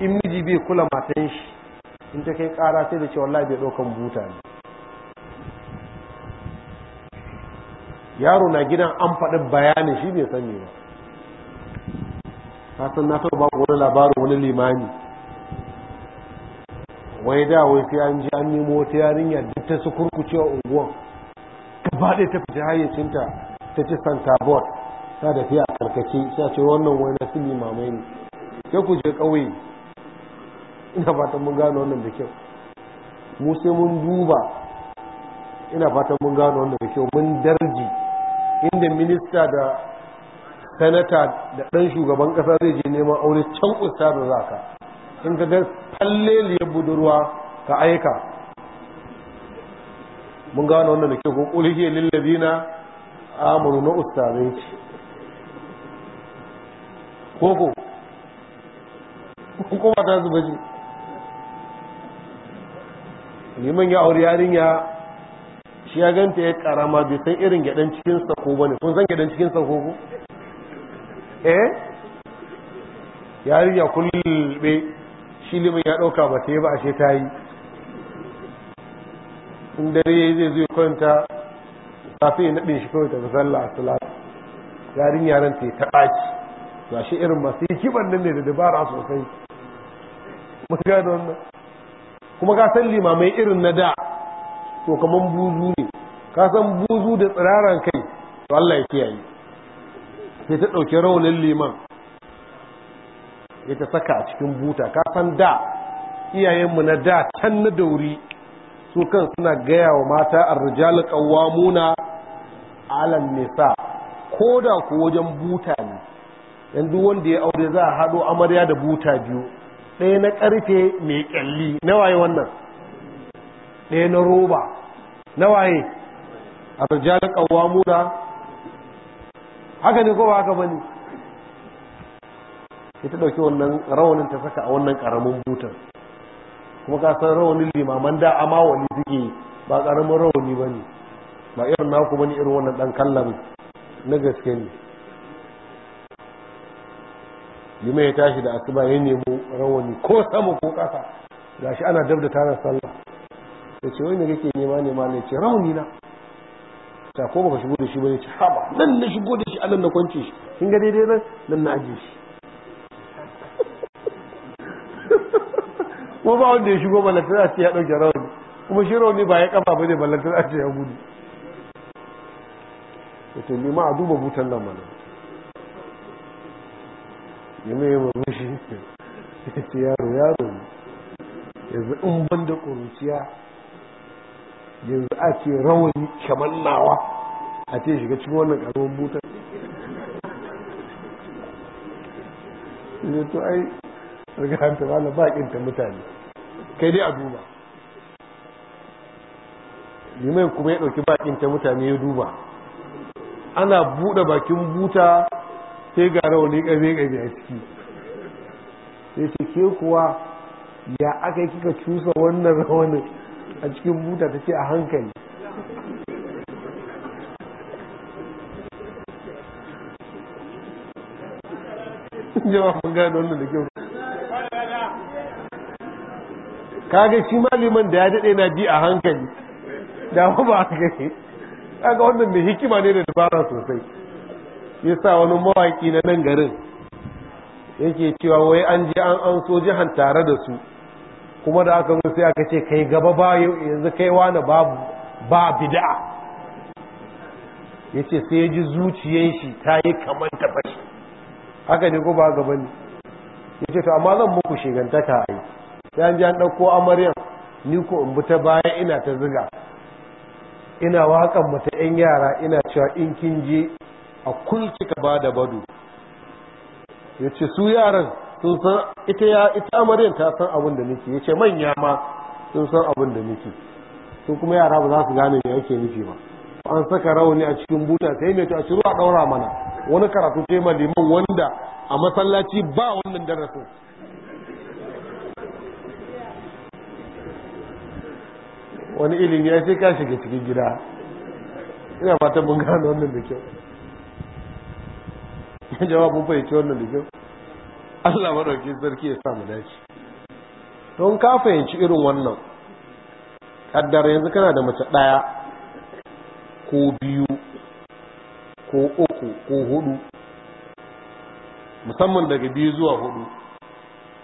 in miji bai kula matan shi in ta kai kara sai da ce wallahi bai daukan buta ne yaro na gidan an faɗi bayanin shi bai sani ba kasan na taɓa baku wani labarin wani limani. wai da wai sai an ji an nemo wata yarinya duk ta su a unguwan ka baɗe ta fita hayyacinta ta ci santa bot ta da fiye a karkace sai ce wannan wai na su limamai ne sai ku je ƙauye ina fatan mun gano wannan da kyau mu sai mun duba ina fatan mun gano wannan da kyau mun darji inda minista da sanata da ɗan shugaban ƙasa zai je neman aure can usta da za ka in ka ga falleliyar budurwa ka aika mun gano wannan da ke ko ƙulhiyar na amuru na ustazai koko kuma ta zuba ji liman ya aure yarinya shi ya ganta ya karama bai san irin gyaɗan cikin sako ba ne kun san gyaɗan cikin sako ku eh ya kulbe shi liman ya ɗauka ba ta yi ba ashe ta yi in dare zai zai kwanta safi ya naɗe shi kawai tafi sallah a salat yarin yaran ta yi ta ɓaci ga shi irin masu yi kiban nan ne da dabara sosai mun gano wannan kuma ka san limamai irin na da to kaman buzu ne ka san buzu da tsiraran kai to Allah ya kiyaye sai ta ɗauki raunin liman ya ta saka a cikin buta ka san da iyayenmu na da can na dauri su kan suna gaya wa mata arrijal qawwamuna alan nisa ko da wajen buta ne dan duk wanda ya aure za a hado amarya da buta biyu ɗaya na ƙarfe mai ƙyalli na waye wannan ɗaya na roba na waye arjal qawwamuna haka ne ko ba haka bane ita dauki wannan rawanin ta saka a wannan karamin butar kuma ka san rawanin limaman da amma wani suke ba karamin rawani bane ba irin naku bane irin wannan dan kallon na gaske ne lima ya tashi da asuba ya nemo rawani ko sama ko kasa gashi ana dabda da tarar sallah ya ce wani kake nema ne ne ce rauni na ta ko ba shigo da shi ba ya ce haba nan na shigo da shi nan na kwanci shi kin ga daidai nan nan na ajiye shi ko ba wanda ya shigo ballantar a ce ya ɗauke rauni kuma shi rauni ba ya kafa ba ne ballantar a ce ya gudu ya ce nema a duba butan nan mana ya yi murmushi ya ce yaro yaro yanzu in ban da ƙuruciya yanzu a ce rawani kamar nawa a ce shiga cikin wannan karuwan butar yanzu to ai riganta ba bakin ta mutane kai dai a duba limai kuma ya ɗauki bakin ta mutane ya duba ana buɗe bakin buta sai ga rawani ƙabe-ƙabe a ciki sai ce ke kuwa ya aka kika cusa wannan rawanin a cikin buta ta ce a hankali jama'a mun gane wannan da kyau kaga shi maliman da ya daɗe na bi a hankali da ba a gani kaga wannan mai hikima ne da dabara sosai ya sa wani mawaƙi na nan garin yake cewa wai an je an an soji jihan da su kuma da aka zo sai aka ce kai gaba ba yanzu kai wani ba bid'a ya ce sai ya ji zuciyar shi ta yi kamar ta fashi haka ne ko ba gaba ne ya ce to amma zan muku shigantaka a sai an ji an ɗauko amaryan ni ko in bi ta baya ina ta zuga ina waƙan mata 'yan yara ina cewa in kin je a kulki ka ba da bado ya ce su yaran sun san ita ya ita amaryan ta san abin da nake yace manya ma sun san abin da nake su kuma yara ba za su gane me yake nufi ba an saka rauni a cikin buta sai mai ta shiru a daura mana wani karatu sai ma liman wanda a masallaci ba wannan darasin wani ilimi ya ce ka shiga cikin gida ina fatan mun gane wannan da kyau jawabin fahimci wannan da kyau Allah madaukin sarki ya samu dace don ka fahimci irin wannan ƙaddar yanzu kana da mace ɗaya ko biyu ko uku ko hudu musamman daga biyu zuwa hudu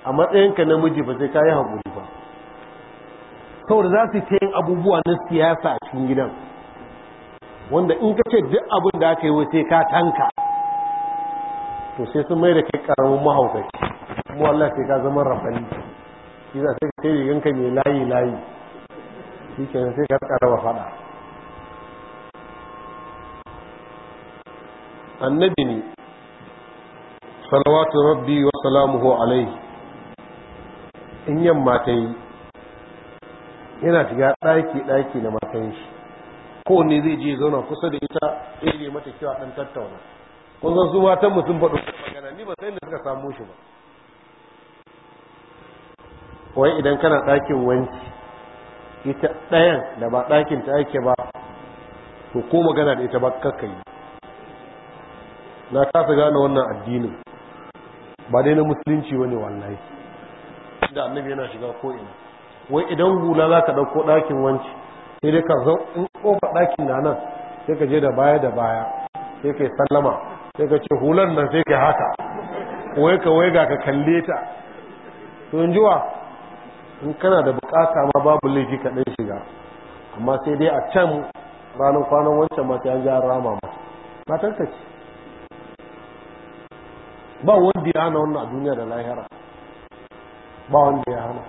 a matsayinka namiji ba sai ka yi haƙuri ba saboda za su ta yin abubuwa na siyasa a cikin gidan wanda in ka ce duk abin da aka yi sai ka tanka to sai sun mai da kai karamin mahaukaci kuma Allah sai ka zama rafali shi za sai kai rigan ka mai layi layi shi nan sai ka karaba fada annabi ne salawatu rabbi wa salamuhu alaihi in yamma ta yi yana shiga ɗaki-ɗaki na matan shi kowanne zai je zauna kusa da ita ɗaya mata kyau a ɗan tattauna kun san su matan mutum faɗo ba sai da suka samu shi ba wai idan kana ɗakin wanci ita ɗayan da ba ɗakin ta ake ba to ko magana da ita ba kakka yi na kasa gane wannan addinin ba dai na musulunci wani wallahi da annabi yana shiga ko'ina wai idan hula za ka ɗauko ɗakin wanci sai dai ka zan in ƙofa ɗakin na nan sai ka je da baya da baya sai ka yi sallama sai ka ce hular nan sai ka haka wai ka wai ga ka kalle ta to in jiwa in kana da bukata ma babu laifi ka dan shiga amma sai dai a can ranar kwanan wancan mata ya ja rama mata matar ka ce ba wanda ya hana wannan a duniya da lahira ba wanda ya hana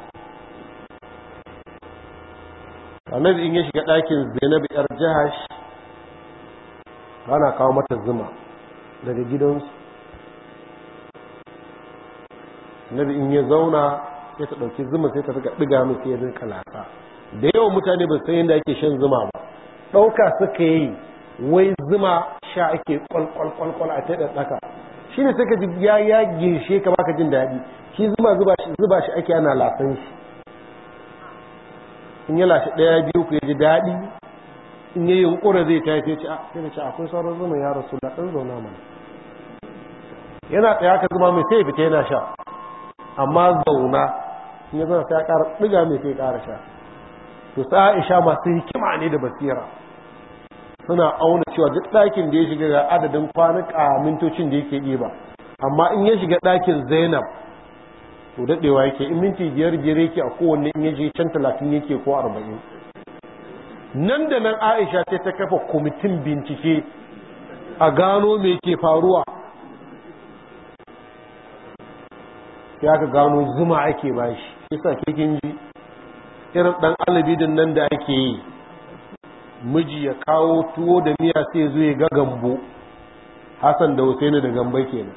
annabi in ya shiga ɗakin zainabi yar ba ana kawo mata zuma daga gidansu nabi in ya zauna sai ta ɗauki zuma sai ta riga ɗiga mai sai ya rinka lasa da yawan mutane ba san yadda ake shan zuma ba ɗauka suka yi wai zuma sha ake kwalkwalkwal a taɗa ɗaka shi ne sai ka ji ya ya girshe ka baka jin daɗi shi zuma zuba shi ake ana lasan shi in ya lashe ɗaya biyu ku ya ji daɗi in ya yunƙura zai ta ce ci ah, a sai ci akwai sauran zuma ya rasu da ɗan zauna mana yana tsaye aka zuma mai sai fita yana sha amma zauna sun ya zana ta ƙara ɗiga mai sai ƙara sha to sa aisha masu hikima ne da basira suna auna cewa duk ɗakin da ya shiga ga adadin kwanuka mintocin da yake ɗiba amma in ya shiga ɗakin zainab to daɗewa yake in minti biyar biyar yake a kowanne in ya je can talatin yake ko arba'in nan da nan aisha ce ta kafa kwamitin bincike a gano me ke faruwa sai aka gano zuma ake bashi isa kikin ji irin dan alibidin nan da ake yi miji ya kawo tuwo da miya sai zo ya ga gambo Hassan da Husaini da gamba kenan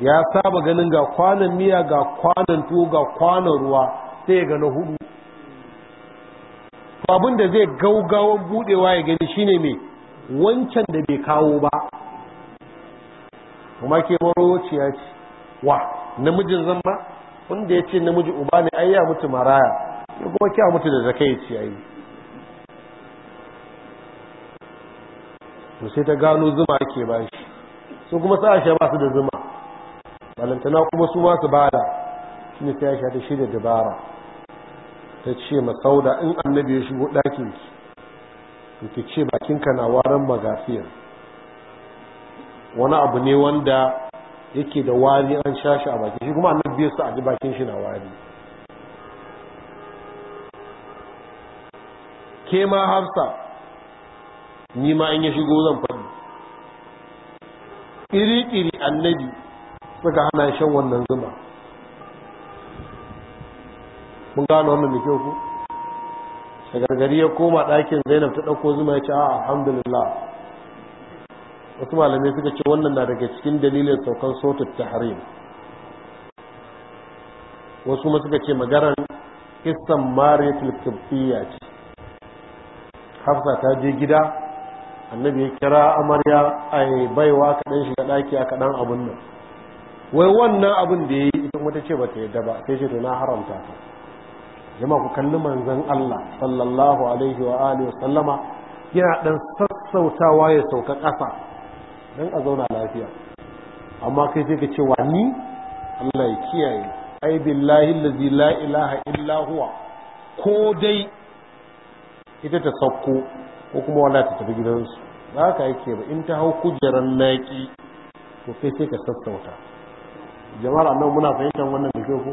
ya saba ganin ga kwanan miya ga kwanan tuwo ga kwanan ruwa sai ga na hudu abin da zai gaugawan budewa ya gani shine mai wancan da bai kawo ba kuma ke marociya ce wa namijin zamba wanda ya ce namiji uba ne ai mutu maraya ya kuma kya mutu da zakai ya ce to sai ta gano zuma ake ba shi su kuma sa shi ba su da zuma balantana kuma su ma su bada shi ne ta shi ta shirya dabara ta ce ma masauda in annabi ya shigo ɗakin ki to ki ce bakinka na waran magafiyar wani abu ne wanda yake da wari an sha shi a baki shi kuma annabi bai su a ji bakin shi na wari ke ma hafsa ni ma an yi shigo zan faɗi iri-iri annabi suka hana shan wannan zuma mun gano wannan da kyau ku shagargari ya koma ɗakin zainab ta ɗauko zuma ya ce a alhamdulillah wasu malamai suka ce wannan na daga cikin dalilin saukan sotar tahrim wasu kuma suka ce magaran kissan mariyatul ya ce hafsa ta je gida annabi ya kira amarya ai baiwa kaɗan dan shiga daki a kaɗan abin nan wai wannan abin da ya yi ita wata ce bata yadda ba sai ce to na haramta ta jama'a ku kalli manzon Allah sallallahu alaihi wa wa sallama yana dan sassautawa ya sauka ƙasa don a zauna lafiya amma kai sai ka cewa ni Allah ya kiyaye ai billahi allazi la ilaha illa huwa ko dai ita ta sauko ko kuma wala ta tafi gidansu ba ka yake ba in ta hau kujerar naki to kai sai ka sassauta jama'ar annabi muna fahimtar wannan da kyau ko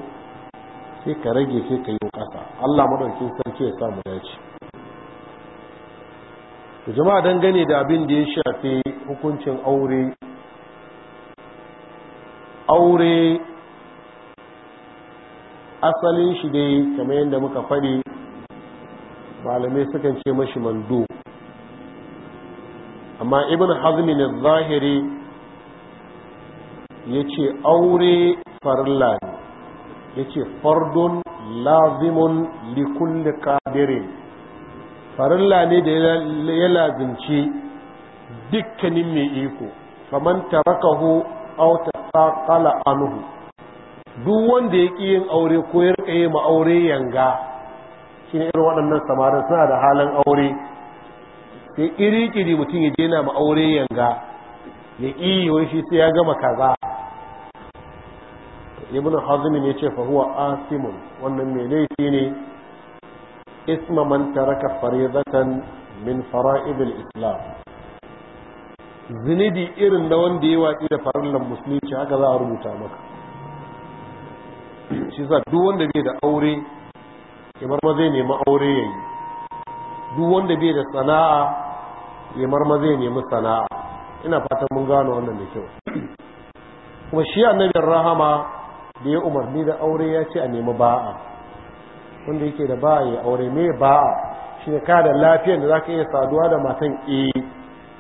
sai ka rage sai ka yi kasa Allah madaukakin sarki ya samu dace jama'a dangane da abin da ya shafi hukuncin aure aure asalin shi dai kamar yadda muka faɗi malamai sukan ce mashi mando amma ibn hazmin zahiri ya ce aure farla ne ya ce fardun lazimun likulli kadirin farilla ne da ya lazimci dukkanin mai iko faman tarakahu aw tasaqala anhu duk wanda ya ƙi yin aure ko ya rika yi aure yanga shine irin waɗannan samarin suna da halin aure sai iri-iri mutum ya je ma aure yanga ya ƙi wani shi sai ya gama kaza ibn hazmin ya ce fa huwa asimun wannan mai laifi ne isma man taraka faridatan min fara'idul islam Zinidi irin na wanda ya watsi da farillan musulunci haka za a rubuta maka shi sa duk wanda bai da aure ya marma zai nemi aure ya yi duk wanda bai da sana'a ya marma zai nemi sana'a ina fatan mun gano wannan da kyau kuma shi annabin rahama da ya umarni da aure ya ce a nemi ba'a wanda yake da ba'a ya aure me ba'a, shi ne ka da lafiyar da zaka iya saduwa da matan e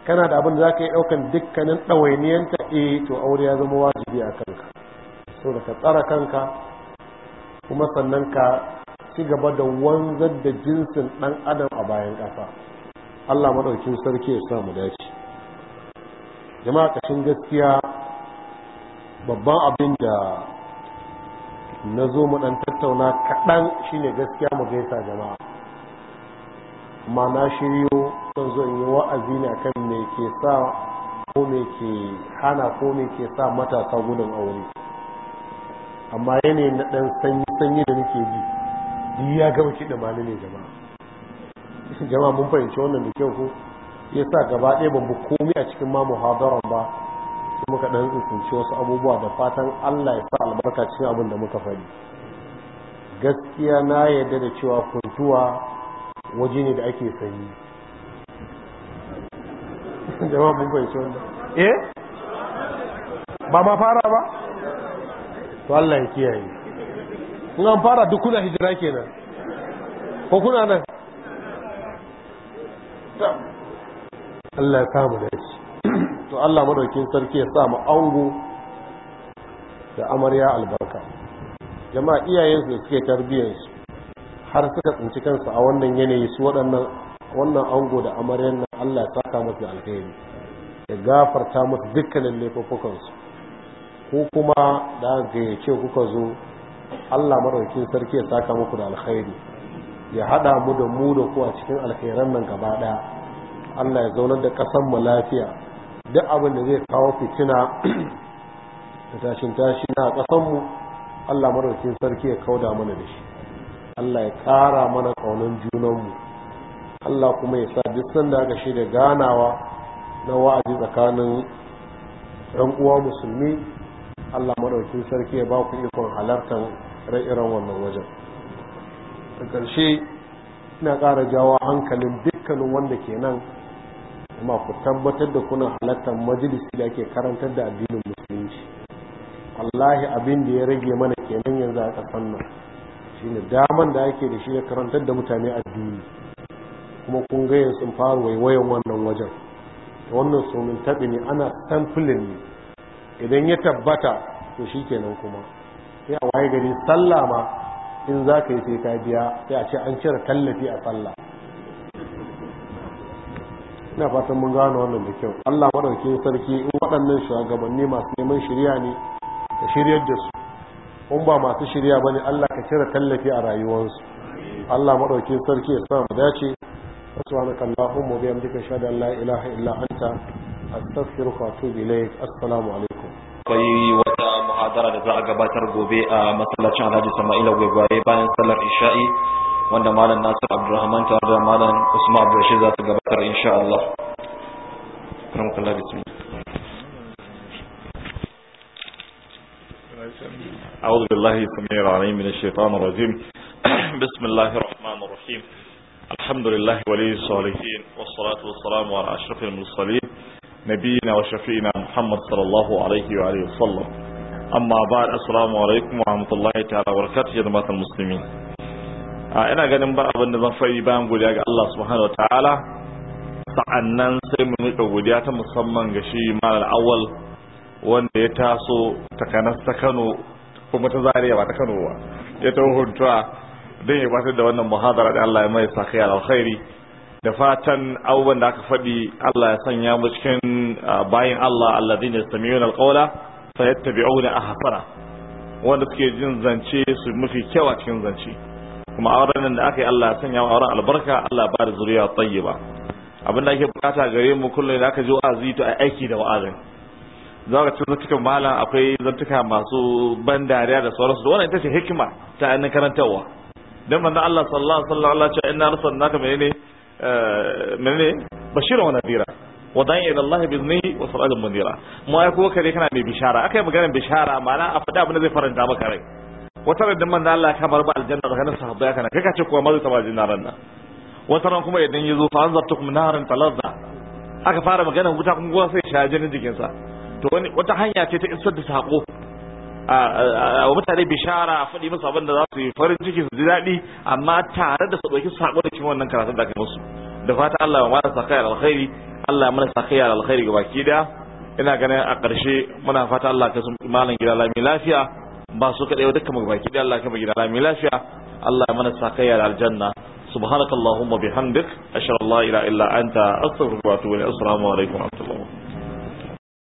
kana da abin da za ka iya ɗaukan dukkanin ɗawainiyanta e to aure ya zama wajibi a kanka so da ka tsara kanka kuma sannan ka ci gaba da wanzar da jinsin ɗan adam a bayan ƙasa Allah maɗaukin sarki ya samu dace jama'a ƙashin gaskiya babban abin da na zo mu ɗan tattauna kaɗan shine gaskiya mu gaisa jama'a amma na shiryo son zo yi wa'azi ne akan me ke sa ko me ke hana ko me ke sa matasa gudun aure amma yanayi na ɗan sanyi sanyi da nake ji duk ya gama kiɗa mali ne jama'a jama'a mun fahimci wannan da kyau ko ya sa gaba ɗaya ban bi komai a cikin ma muhadaran ba muka ɗan tsinci wasu abubuwa da fatan Allah ya sa albarka cikin abin da muka faɗi gaskiya na yarda da cewa kuntuwa waje ne da ake sanyi jama'a mun fahimci wanda eh ba ma fara ba to Allah ya kiyaye in an fara duk kuna hijira kenan ko kuna nan Allah ya samu da shi to Allah madaukin sarki ya sa mu ango da amarya albarka jama'a iyayen da suke su. har suka tsinci kansu a wannan yanayi su waɗannan wannan ango da amaryar nan Allah ya saka musu alheri ya gafarta musu dukkanin su ko kuma da ce kuka zo Allah madaukin sarki ya saka muku da alheri ya hada mu da mu da ku a cikin alheran nan gaba daya Allah ya zaunar da kasan mu lafiya duk abin da zai kawo fitina da tashin tashi na ƙasanmu Allah madaukakin sarki ya kauda mana da shi Allah ya ƙara mana kaunan junanmu Allah kuma ya sa duk sanda aka shirya ganawa na wa'azi tsakanin ɗan uwa musulmi Allah madaukakin sarki ya ba ku ikon halartar ra'irar wannan wajen a ƙarshe ina ƙara jawo hankalin dukkanin wanda ke nan amma ku tabbatar da kuna halartar majalisi da ake karantar da addinin musulunci wallahi abin da ya rage mana kenan yanzu a kasan nan shine daman da ake da shi ya karantar da mutane addini kuma kun ga fara waiwayan wannan wajen ta wannan sumin tabi ne ana samfulin ne idan ya tabbata to shi kenan kuma sai a waye gari sallah ma in za ka yi sai ka biya sai a ce an cire tallafi a sallah ina fatan mun gano wannan da kyau Allah maɗauki sarki in waɗannan shugabanni masu neman shirya ne ka shiryar da su in ba masu shirya bane Allah ka cire tallafi a rayuwarsu Allah maɗauki sarki ya sa mu dace subhanaka allahumma wa bihamdika shada an la ilaha illa anta astaghfiruka wa atubu ilayk assalamu alaikum akwai wata muhadara da za a gabatar gobe a masallacin Alhaji Sama'ila gwagware bayan sallar Isha'i wanda malam nasir abdurrahman tare da malam usman abdurrashid za su gabatar insha Allah أعوذ بالله السميع العليم من الشيطان الرجيم بسم الله الرحمن الرحيم الحمد لله ولي الصالحين والصلاة والسلام على أشرف المرسلين نبينا وشفينا محمد صلى الله عليه وآله وسلم أما بعد السلام عليكم ورحمة الله تعالى وبركاته جماعة المسلمين A ina ganin ba abin da zan fari bayan godiya ga Allah subhanahu wataala sa'annan sai mu nika godiya ta musamman ga shi malar awal wanda ya taso takanas ta Kano kuma ta Zaria ba ta Kano ba ya ta huntuwa don ya batar da wannan muhadara da Allah ya mai sakai alkhairi da fatan abubuwan da aka faɗi Allah ya sanya mu cikin bayin Allah alladhina yastami'una alqawla fayattabi'una ahsana wanda suke jin zance su mafi kyau a cikin zance kuma auren nan da aka yi Allah ya sanya auren albarka Allah ba da zuriya tayyiba abin da ake bukata gare mu kullum da aka ji wa'azi to ai aiki da wa'azin za ka ci zantukan malam akwai zantuka masu ban dariya da sauransu da wannan ita ce hikima ta annin karantarwa dan manzo Allah sallallahu alaihi wasallam Allah ya ce inna arsalnaka menene eh, menene bashiran wa nadira wadai ila Allah bi iznihi wa sirajan munira mu ai ko kare kana mai bishara akai maganar bishara ma'ana a faɗa abin da zai faranta maka rai wata ran manzo Allah ya kamar ba aljanna tsakanin sahabbai kana kai ka ce kuwa mazu taba jin naran nan wata ran kuma idan yazo fa anzartukum naran talazza aka fara magana wuta kun gowa sai sha jinin jikin sa to wani wata hanya ce ta isar da sako a mutane bishara a faɗi musu abin da za su yi farin ciki su ji daɗi amma tare da su ɗauki sako da cikin wannan karatun da aka musu da fata Allah ya mana sakayar alkhairi Allah ya mana sakayar alkhairi gabaki da ina ganin a ƙarshe muna fata Allah ka sun malam gida lami lafiya ba su kaɗai dukkan mu baki da Allah ka bagi da lami lafiya Allah ya mana sakayya da aljanna subhanakallahumma bihamdik ashhadu an la ilaha illa anta astaghfiruka wa atubu ilayk assalamu alaikum wa rahmatullahi